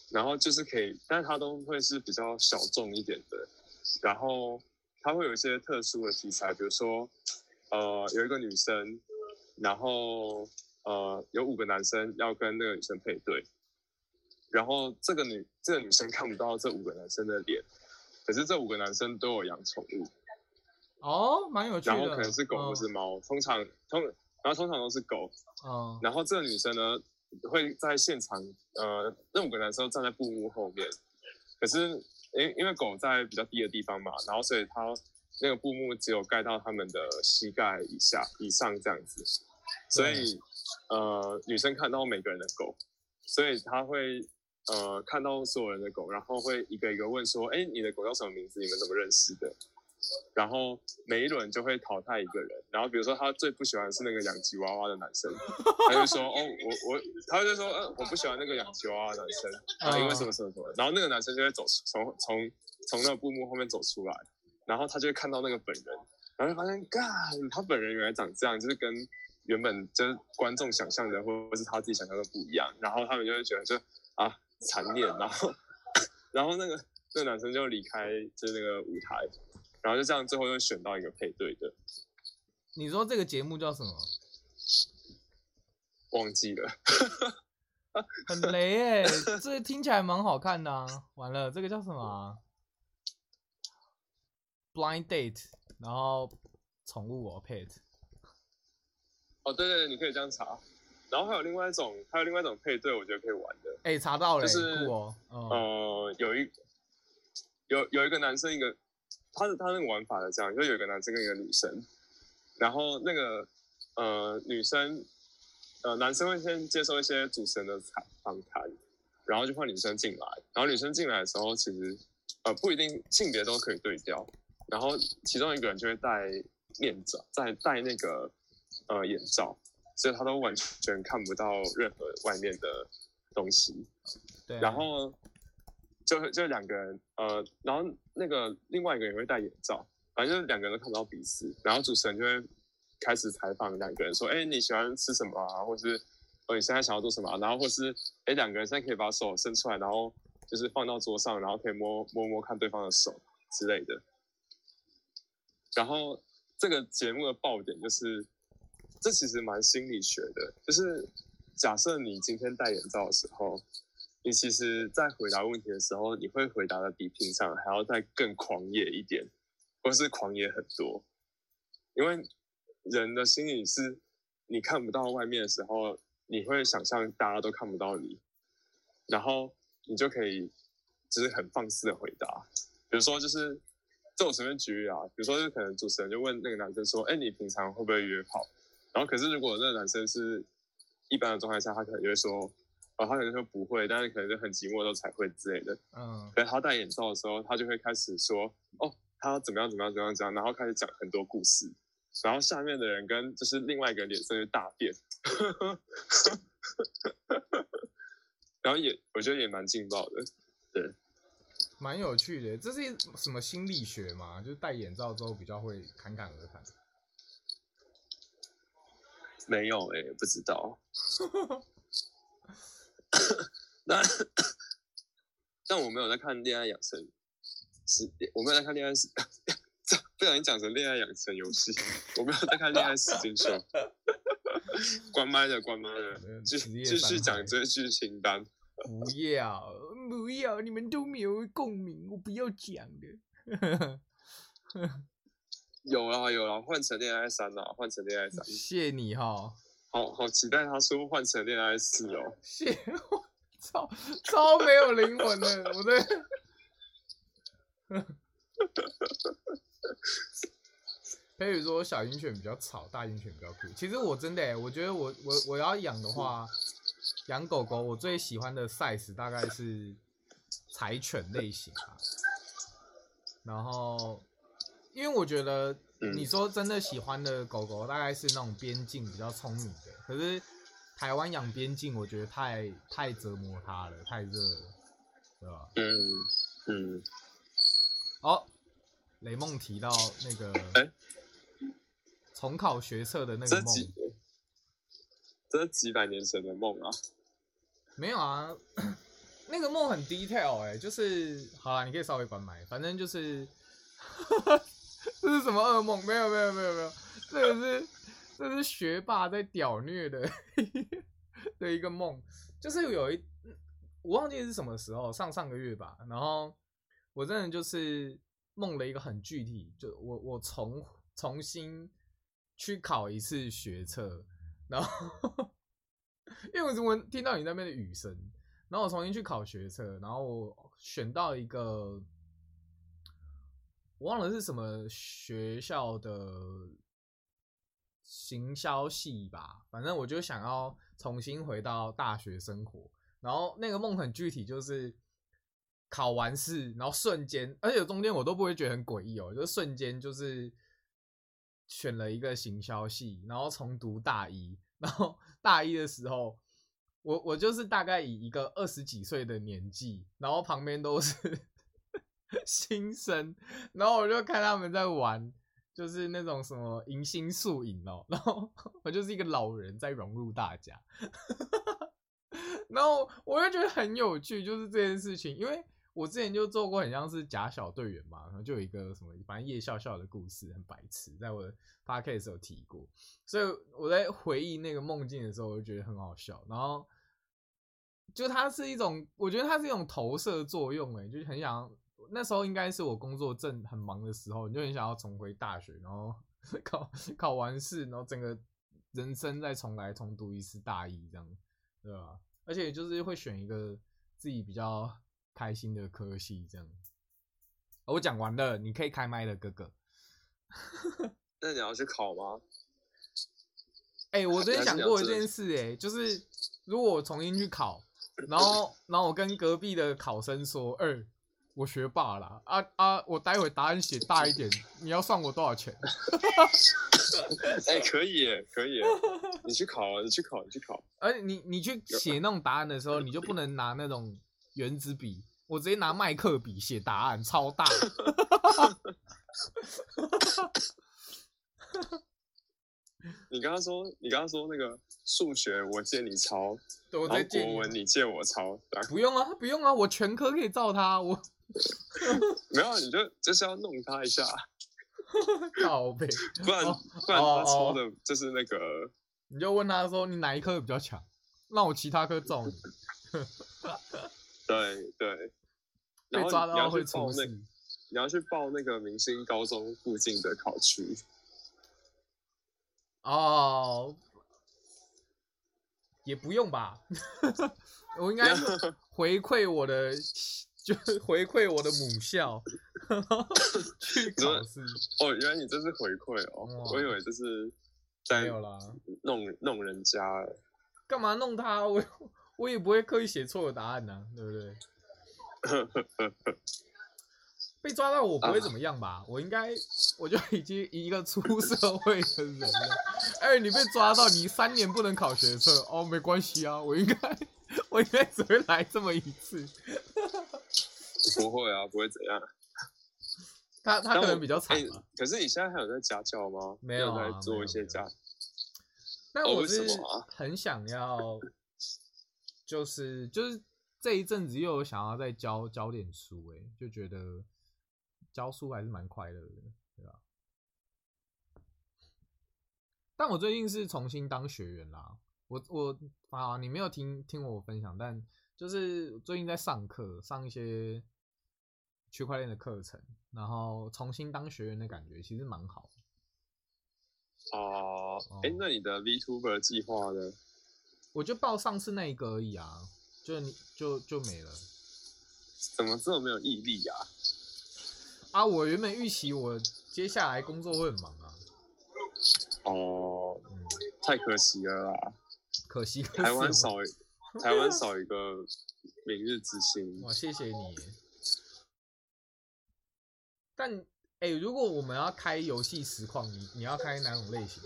然後就是可以，但是它都會是比較小眾一點的，然後它會有一些特殊的題材，比如說，呃，有一個女生，然後呃有五個男生要跟那個女生配對，然後這個女這個女生看不到這五個男生的臉，可是這五個男生都有養寵物，
哦，蠻有趣的，然後可能是狗或是
貓、oh.，通常通然後通常都是狗，哦、oh.。然後這個女生呢，會在現場，呃，那五個男生站在布幕後面，可是因為因為狗在比較低的地方嘛，然後所以它那個布幕只有蓋到他們的膝蓋以下，以上這樣子，所以呃，女生看到每個人的狗，所以他會呃看到所有人的狗，然後會一個一個問說，哎，你的狗叫什麼名字？你們怎麼認識的？然後每一輪就會淘汰一個人。然後比如說他最不喜歡是那個養吉娃娃的男生，
他就說
哦我我，他就說嗯、呃、我不喜歡那個養吉娃娃的男生、 [laughs] 啊，因為什麼什麼什麼。然後那個男生就會走從從從那個布幕後面走出來，然後他就會看到那個本人，然後就發現幹，他本人原來長這樣，就是跟原本就是觀眾想象的或者是他自己想象的不一樣。然後他們就會覺得就啊殘念，然後然後那個那個男生就離開就是那個舞台。然後就這樣，最後又選到一個配對的。
你說這個節目叫什麼？
忘記了。
很雷耶、欸。 [laughs] 這聽起來蠻好看的、啊。完了，這個叫什麼、啊、？Blind Date。然後寵物我、哦、Pet。
哦，對對對，你可以這樣查。然後還有另外一種，還有另外一種配對，我覺得可以玩的。
哎，查到了。就是酷、哦嗯，呃，有一有
有一個男生一個。他是他那個玩法是這樣，就有一個男生跟一個女生，然後那個呃女生呃男生會先接受一些主持人的採訪，然後就換女生進來，然後女生進來的時候其實呃不一定性別都可以對調，然後其中一個人就會戴面罩，再戴，戴那個呃眼罩，所以他都完全看不到任何外面的東西，對，然後。就就兩個人，呃，然後那個另外一個人也會戴眼罩，反正就是兩個人都看不到彼此。然後主持人就會開始採訪兩個人，說：“哎，你喜歡吃什麼啊？或是，哦，你現在想要做什麼啊？然後或是，哎，兩個人現在可以把手伸出來，然後就是放到桌上，然後可以摸摸摸看對方的手之類的。”然後這個節目的爆點就是，這其實蠻心理學的，就是假設你今天戴眼罩的時候。你其實，在回答問題的時候，你會回答的比平常還要再更狂野一點，或是狂野很多。因為人的心理是，你看不到外面的時候，你會想象大家都看不到你，然後你就可以，就是很放肆的回答。比如說，就是這種隨便舉例啊，比如說，就可能主持人就問那個男生說：“哎，你平常會不會約炮？”然後，可是如果那個男生是一般的狀態下，他可能就會說。哦，他可能說不會，但是可能就很寂寞的時候才會之類的。
嗯，可是
他戴眼罩的時候，他就會開始說哦，他怎麼,怎麼樣怎麼樣怎麼樣，然後開始講很多故事，然後下面的人跟就是另外一個臉色就大變， [laughs] [laughs] 然後也我覺得也蠻勁爆的，對，
蠻有趣的，這是一什麼心理學嘛？就是戴眼罩之後比較會侃侃而談，
沒有哎、欸，不知道。 [laughs] 那 [coughs] 但我沒有在看戀愛養成，是，我沒有在看戀愛史，不小心講成戀愛養成遊戲，我沒有在看戀愛史
精選。
[laughs] 關麥的，的，關麥的，繼繼續講這劇清單。不
要，不要，你們都沒有共鳴，我不要講的。
[laughs] 有啊有啊換成戀愛三啦，換成
戀愛三。謝謝你哈、哦。
好、oh, 好期待他書換成戀愛史哦！寫
我操，超沒有靈魂的，我的。 [laughs] [laughs] 比如說，小型犬比較吵，大型犬比較酷。其實我真的、欸，我覺得我我我要養的話，養狗狗我最喜歡的 size 大概是柴犬類型啊，然後。因為我覺得你說真的喜歡的狗狗大概是那種邊境比較聰明的，可是台灣養邊境我覺得太太折磨它了，太熱了，對吧？嗯嗯。哦，雷夢提到那個重考學測的那個夢，
這是幾幾百年前的夢啊？
沒有啊，那個夢很 detail 哎、欸，就是好了，你可以稍微管買，反正就是。 [laughs] 這是什麼噩夢？沒有沒有沒有沒有，這個是這是學霸在屌虐的的一個夢，就是有一我忘記是什麼時候，上上個月吧。然後我真的就是夢了一個很具體，就我我重重新去考一次學測，然後因為我怎麼聽到你那邊的雨聲，然後我重新去考學測，然後我選到一個。我忘了是什麼學校的行銷系吧，反正我就想要重新回到大學生活。然後那個夢很具體，就是考完試，然後瞬間，而且中間我都不會覺得很詭異哦，就瞬間就是選了一個行銷系，然後重讀大一。然後大一的時候，我我就是大概以一個二十幾歲的年紀，然後旁邊都是。新生，然後我就看他們在玩，就是那種什麼迎新宿營哦，然後我就是一個老人在融入大家， [laughs] 然後我就覺得很有趣，就是這件事情，因為我之前就做過很像是假小隊員嘛，然後就有一個什麼，反正夜笑笑的故事很白痴，在我的 podcast 有提過，所以我在回憶那個夢境的時候，我就覺得很好笑，然後就它是一種，我覺得它是一種投射作用，哎，就是很想。那時候應該是我工作正很忙的時候，你就很想要重回大學，然後考考完試，然後整個人生再重來，重讀一次大一這樣，對吧？而且就是會選一個自己比較開心的科系這樣、哦。我講完了，你可以開麥了，哥哥。
[laughs] 那你要去考嗎？哎、
欸，我昨天想過一件事、欸，哎，就是如果我重新去考，然後然後我跟隔壁的考生說二。我學霸了啦啊啊！我待會答案寫大一點，你要算我多少錢？
哎、 [laughs] 欸，可
以，可以，你去考，你去考，你去考。
哎、欸，你你去寫那種答案的時候，你就不能拿那種原子筆，我直接拿麥克筆寫答案，超大。 [laughs] [laughs]
你剛剛說，你剛剛說那個數學我借你抄，然後國文你借我抄，
不用啊，不用啊，我全科可以照他。我 [laughs] 沒有、啊，
你就就是要弄他一下，好 [laughs] 唄。不然不然他抄的就是那個，
你就問他說，你哪一科比較強？那我其他科抄 [laughs] 。
對對、那個，被抓到會錯那個，你要去報那個明星高中附近的考區。
哦，也不用吧， [laughs] 我應該回饋我的， [laughs] 就是回饋我的母校 [laughs] ，
去考試。哦，原來你這是回饋哦。哦，我以為這是在弄，沒有啦，弄人家
幹、欸、嘛，弄他？我我也不會刻意寫錯的答案呢，啊，對不對？ [laughs] 被抓到我不會怎麼樣吧？啊、我應該我就已經一個出社會的人了。哎， [laughs] 你被抓到，你三年不能考學測哦。沒關係啊，我應該我應該只會來這麼一次。
[laughs] 不會啊，不會怎樣。
他他可能比較慘、欸。
可是你現在還有在家教嗎？沒有,、啊有,沒有啊，做一些
家。
那我是很想要、就是啊？就是就是這一陣子又有想要再教教點書、欸，哎，就覺得。教書還是蠻快樂的，對吧？但我最近是重新當學員啦。我我啊，你沒有聽聽我分享，但就是最近在上課，上一些區塊鏈的課程，然後重新當學員的感覺其實蠻好，
呃。哦，哎，那你的 VTuber 計劃呢？
我就報上次那一個而已啊，就就就，就沒了。怎
麼這麼沒有毅力呀，啊？
啊！我原本預期我接下來工作會很忙啊。
哦，太可惜了啦。
可惜。台灣
少台灣少一個明 [laughs] 日之星。哇，謝謝你。
但哎、欸，如果我們要開遊戲實況，你你要開哪種類型？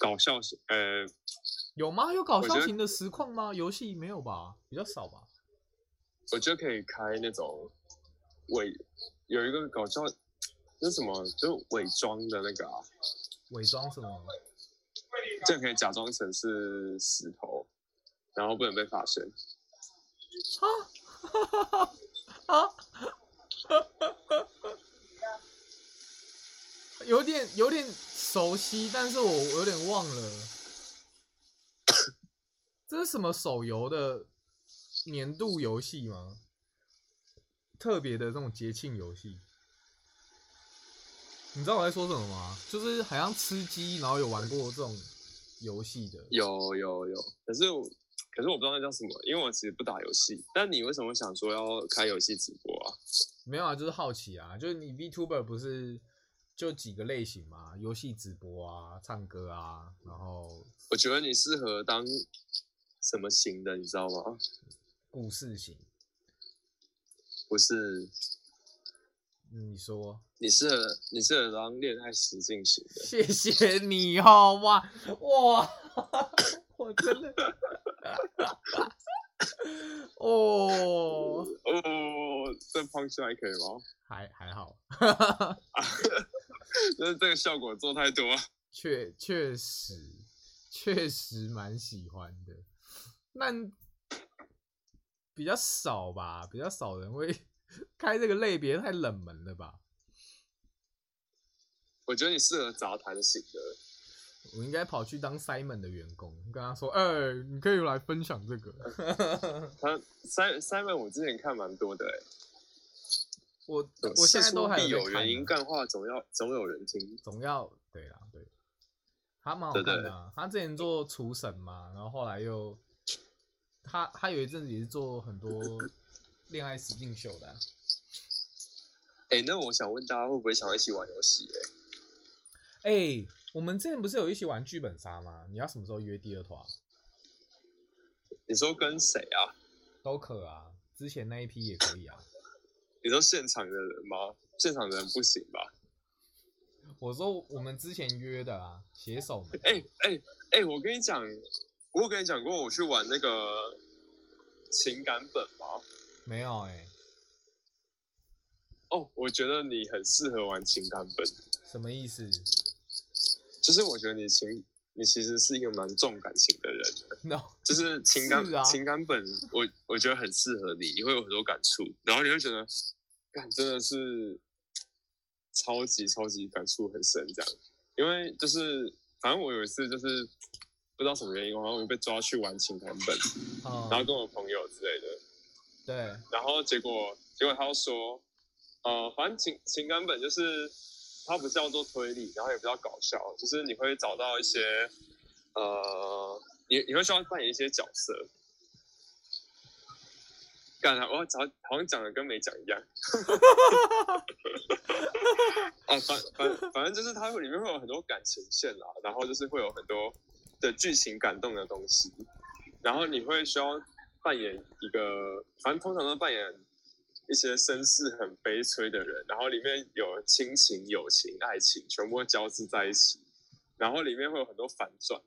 搞笑型？呃、欸，
有嗎？有搞笑型的實況嗎？遊戲沒有吧？比較少吧？
我覺得可以開那種。偽有一個搞笑。這是什麼？就是偽裝的那個啊。
偽裝什麼？這
可以假裝成是石頭，然後不能被發現。
啊哈哈哈哈！啊哈哈哈哈！有點有點熟悉，但是我有點忘了。 [laughs] 這是什麼手遊的年度遊戲嗎？特別的這種節慶遊戲，你知道我在說什麼嗎？就是好像吃雞，然後有玩過這種遊戲的？
有有有。可是可是我不知道那叫什麼，因為我其實不打遊戲。但你為什麼想說要開遊戲直播啊？
沒有啊，就是好奇啊。就是你 VTuber 不是就幾個類型嗎？遊戲直播啊，唱歌啊，然後
我覺得你適合當什麼型的，你知道嗎？
故事型。不是你，你說
你是你是當戀愛實境型的？
謝謝你好、哦、嗎？哇，我真的，哦 [laughs] 哦、啊
啊啊喔喔喔喔喔，這胖起來可以嗎？還
還好呵呵、啊，
但是這個效果做太多，
確確實確實蠻喜歡的，那。比較少吧，比較少人會開這個類別，太冷門了吧？
我覺得你適合雜談
型的，我應該跑去當 Simon 的員工，跟他說：“哎、欸，你可以來分享這個。
[laughs] 他”他 Simon 我之前看蠻多的哎、欸，我、哦、我現在都還有原因，幹話總要總有人聽，總要
對啊
對。他蠻好看的、啊對對對，他之前做廚神嘛，然後後來又。他他有一陣子也是做很多戀愛實境秀的、
啊。哎、欸，那我想問大家會不會想一起玩遊戲、欸？哎、
欸、哎，我們之前不是有一起玩劇本殺嗎？你要什麼時候約第二團？
你說跟誰啊？
都可啊，之前那一批也可以啊。
你說現場的人嗎？現場的人不行吧？
我說我們之前約的啊，攜手。哎哎哎，我跟你講。
我跟你講過，我去玩那個情感本嗎？
沒有哎、欸。
哦、oh，我覺得你很適合玩情感本。
什麼意思？
就是我覺得你情你其實是一個蠻重感情的人。No，就是情感，是啊？情感本，我我覺得很適合你，你會有很多感觸，然後你會覺得，感真的是超級超級感觸很深這樣。因為就是，反正我有一次就是。不知道什麼原因，然後我就被抓去玩情感本，uh, 然後跟我朋友之類的。
對，
然後結果，結果他就說，呃，反正情情感本就是它不是要做推理，然後也比較搞笑，就是你會找到一些，呃，你你會需要扮演一些角色。幹了，我好像講的跟沒講一樣。啊、 [laughs] [laughs] oh，反反反正就是它裡面會有很多感情線啦、啊，然後就是會有很多。的劇情感動的東西，然後你會需要扮演一個，反正通常都扮演一些身世很悲催的人，然後裡面有親情、友情、愛情全部交織在一起，然後裡面會有很多反轉，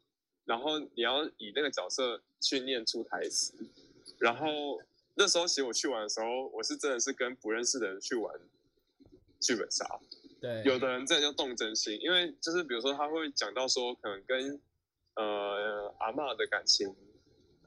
然後你要以那個角色去念出台詞，然後那時候其實我去玩的時候，我是真的是跟不認識的人去玩劇本殺，
對，有的
人真的就動真心，因為就是比如說他會講到說可能跟呃，阿嬤的感情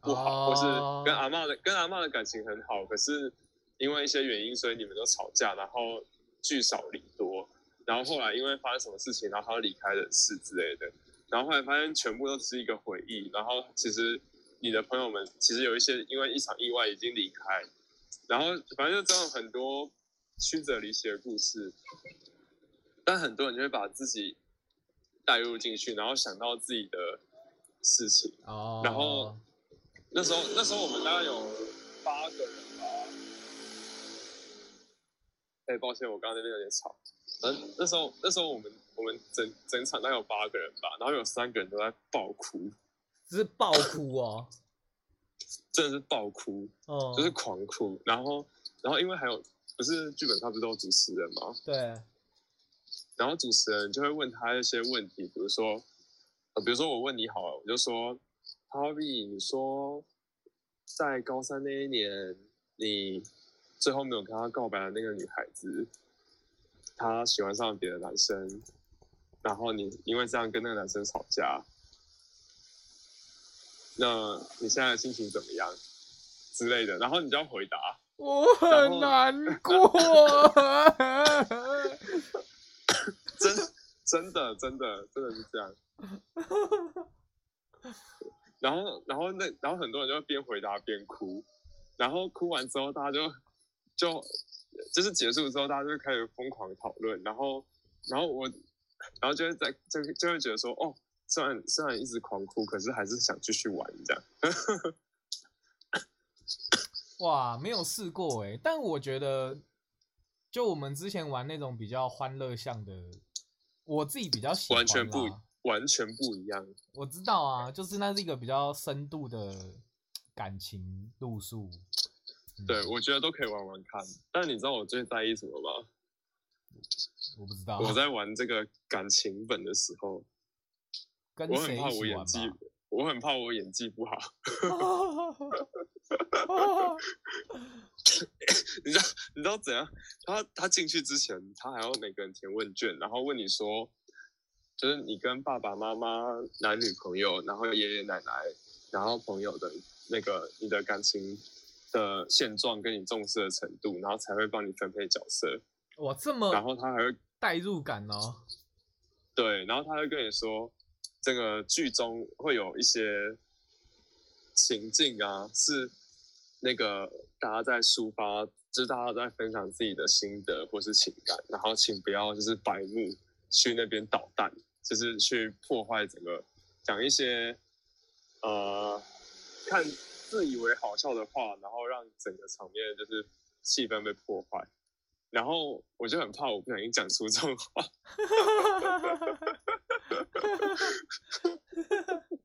不好，oh. 或是
跟阿嬤的跟阿嬤的感情很好，可是因為一些原因，所以你們都吵架，然後聚少離多，然後後來因為發生什麼事情，然後他就離開人世之類的，然後後來發現全部都只是一個回憶，然後其實你的朋友們其實有一些因為一場意外已經離開，然後反正就真的很多曲折離奇的故事，但很多人就會把自己帶入進去，然後想到自己的。
事情哦，oh. 然後那時
候那時候我們大概有八個人吧。哎、欸，抱歉，我剛剛那邊有點吵。嗯，那時候那時候我們我們整整場大概有八個人吧，然後有三個人都在爆哭，
這是爆哭哦。
[laughs] 真的是爆哭，哦、oh.，就是狂哭。然後然後因為還有不是劇本上不是都有主持人嗎？對。然後主持人就會問他一些問題，比如說。呃，比如說我問你好了，我就說，Toby，你說，在高三那一年，你最後沒有跟他告白的那個女孩子，她喜歡上別的男生，然後你因為這樣跟那個男生吵架，那你現在的心情怎麼樣？之類的，然後你就要回答，
我很難過，真、啊、
[laughs] [laughs] [laughs] [laughs] [laughs] 真的真的真的,真的是這樣。 [laughs] 然後，然後那，然後很多人就會邊回答邊哭，然後哭完之後，大家就就就是結束之後，大家就開始瘋狂討論。然後，然後我，然後就會在就就會覺得說，哦，雖然雖然一直狂哭，可是還是想繼續玩這樣。
[laughs] 哇，沒有試過哎，但我覺得，就我們之前玩那種比較歡樂向的，我自己比較喜歡。完全不。
完全不一樣，
我知道啊，就是那是一個比較深度的感情路數，嗯，
對，我覺得都可以玩玩看。但你知道我最在意什麼嗎？
我不知道。我
在玩這個感情本的時候，
我很怕我演技，
我很怕我演技不好。 [laughs] [laughs] [laughs]
你
知道你知道怎樣？他他進去之前，他還要每個人填問卷，然後問你說，就是你跟爸爸媽媽、男女朋友，然後爺爺奶奶，然後朋友的那個你的感情的現狀跟你重視的程度，然後才會幫你分配角
色。哇，這麼、哦、然後他還會代入感哦。
對，然後他會跟你說，這個劇中會有一些情境啊，是那個大家在抒發，就是大家在分享自己的心得或是情感，然後請不要就是白目去那邊搗蛋。就是去破壞整個，講一些，呃，看自以為好笑的話，然後讓整個場面就是氣氛被破壞。然後我就很怕，我不小心講出這種話。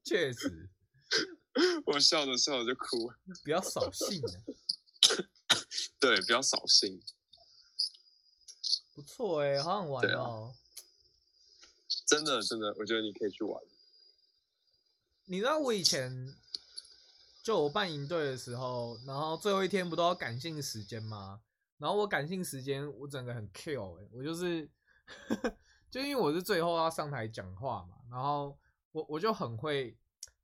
確 [laughs] 實，我笑着笑着就哭。
比較掃興。
對，比較掃興。
不錯哎，好像玩了、
喔。真
的，真的，我覺得你可以去玩。你知道我以前，就我辦營隊的時候，然後最後一天不都要感性時間嗎？然後我感性時間，我整個很 kill，欸，我就是呵呵，就因為我是最後要上台講話嘛，然後我我就很會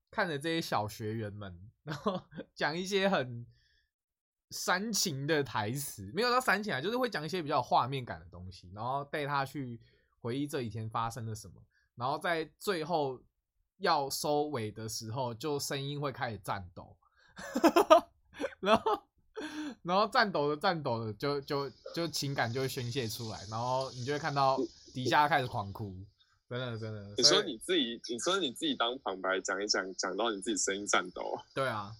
看着這些小學員們，然後講一些很煽情的台詞，沒有到煽情啊，就是會講一些比較畫面感的東西，然後帶他去。回憶這一天發生了什麼，然後在最後要收尾的時候，就聲音會開始顫抖 [laughs] 然，然後然後顫抖的顫抖的，就就就情感就會宣洩出來，然後你就會看到底下開始狂哭，真的真的。你說
你自己，你說你自己當旁白講一講，講到你自己聲音顫抖，對啊，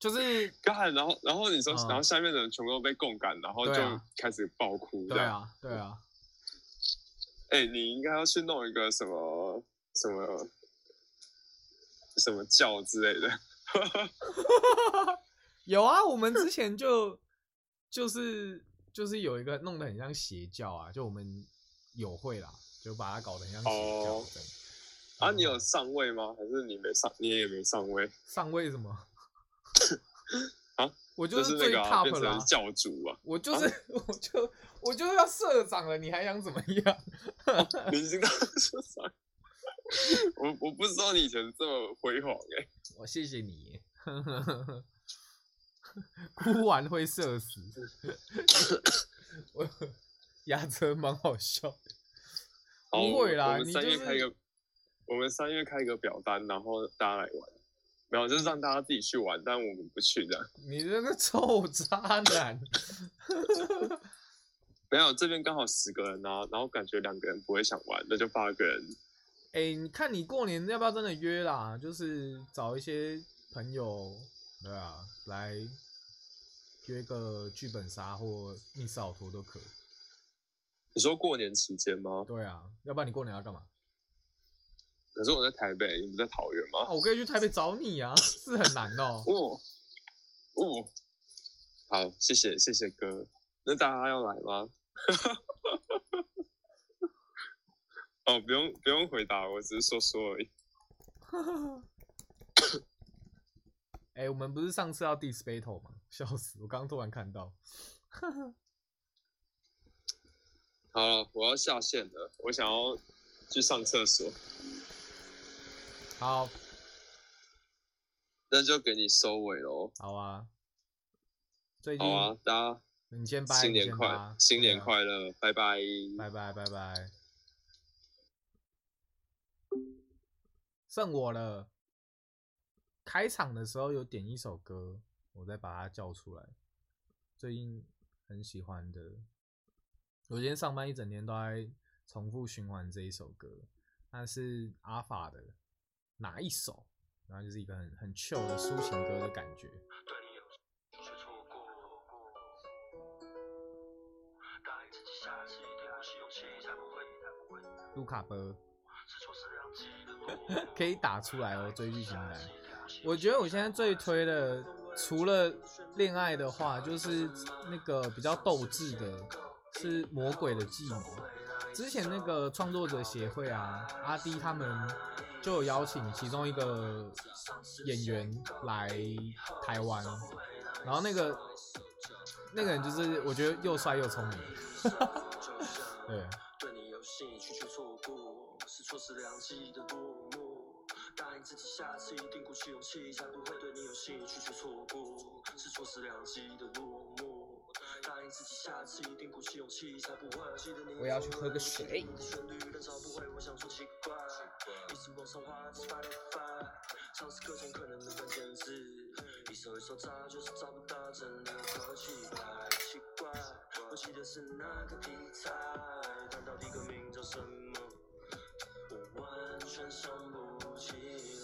就是剛才，然後然後你說，嗯，然後下面的人全部都被共感，然後就開始爆哭，對啊，對啊。對啊。哎、欸，你應該要去弄一個什麼什麼什麼教之類的，
[laughs] [laughs] 有啊，我們之前就 [laughs] 就是就是有一個弄得很像邪教啊，就我們有會啦，就把它搞得很像邪教。
Oh. 啊， [laughs] 你有上位嗎？還是你沒上，你也沒上位？
上位什麼？ [laughs]
我就是最 top 了，啊，教主啊！我就
是，啊、我就我就要社長了，你還想怎麼
樣？哦， [laughs] 我我不知道你以前這麼輝煌哎，欸！我，哦，謝謝你，
哭完會社死，壓 [coughs] 車蠻好笑好，不會啦，三月開個你就是
我們三月開一個表單，然後大家來玩。然後就是讓大家自己去玩，但我們不去這樣。
你這個臭渣男！
[laughs] 沒有，這邊剛好十個人啊，然後然後感覺兩個人不會想玩，那就八個人。
哎、欸，你看你過年要不要真的約啦？就是找一些朋友。對啊，來約個劇本殺或密室逃脫都可
以。你說過年期間嗎？對啊，要
不然你過年要幹嘛？
可是我在台北，你們在桃園嗎、啊？我
可以去台北找你啊， [laughs] 是很難哦。哦哦，
好，謝謝謝謝哥。那大家要來嗎？ [laughs] 哦，不用不用回答，我只是說說而已。哎
[laughs] 欸，我們不是上次要 disbattle 嗎？笑死，我剛剛突然看到。
[laughs] 好了，我要下線了，我想要去上廁所。好，那就給你收尾嘍。好啊最近。好啊，大
家，你先拜，新年快，新年快
樂，啊，拜拜，
拜拜拜拜。剩我了。開場的時候有點一首歌，我再把它叫出來。最近很喜歡的，我今天上班一整天都在重複循環這一首歌，它是阿法的。哪一首？然後就是一個很很 chill 的抒情歌的感覺。
盧卡波 [laughs]
可以打出來哦、喔，追劇型男。我覺得我現在最推的，的，除了戀愛的話，就是那個比較鬥智的，是《魔鬼的計謀》。之前那個創作者協會啊，阿滴他們。就有邀請其中一個演員來台灣，然後那個那個人就是我覺得又帥又聰明，
[laughs] 對。答應自己，下次一定鼓起勇氣。我要去喝個水。我想說奇怪，嘗試各種可能的關鍵詞，一首一首找，就是找不到。奇怪，我記得是哪個題材，但到底歌名叫什麼，我完全想不起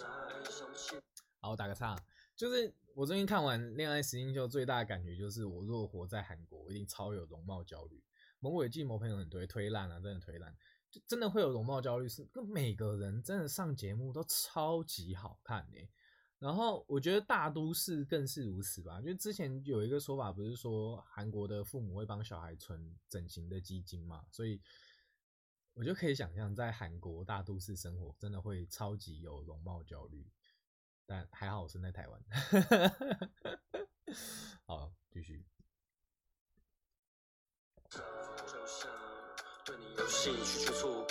來。好，
我打個岔。就是我最近看完《戀愛實境秀》，最大的感覺就是，我若活在韓國，我一定超有容貌焦慮。某鬼計謀朋友很多，推爛啊，真的推爛，就真的會有容貌焦慮。是那每個人真的上節目都超級好看，欸、然後我覺得大都市更是如此吧。就之前有一個說法，不是說韓國的父母會幫小孩存整形的基金嘛？所以，我就可以想象，在韓國大都市生活，真的會超級有容貌焦慮。但還好我生在台灣， [laughs] 好，繼
續。對你有興趣卻錯過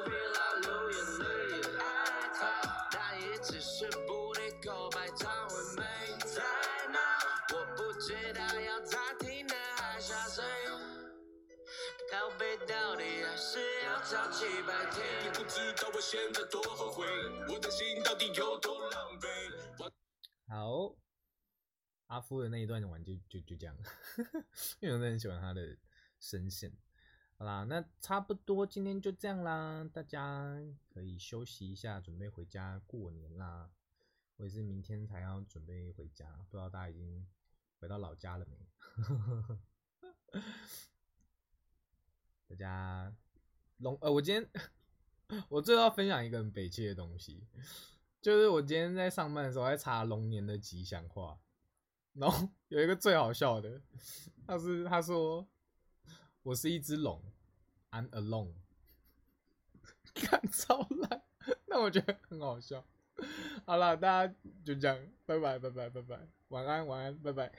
好，阿夫的那一段玩就就就這樣，因為我很喜歡他的聲線。好啦，那差不多今天就這樣啦，大家可以休息一下，準備回家過年啦。我也是明天才要準備回家，不知道大家已經回到老家了沒？ [laughs] 大家龍，呃，我今天我最後要分享一個很悲切的東西，就是我今天在上班的時候，我在查龍年的吉祥話，然後有一個最好笑的，他是他說我是一隻龍，I'm alone，看超爛，那我覺得很好笑。好了，大家就這樣，拜拜拜拜拜拜，晚安晚安，拜拜。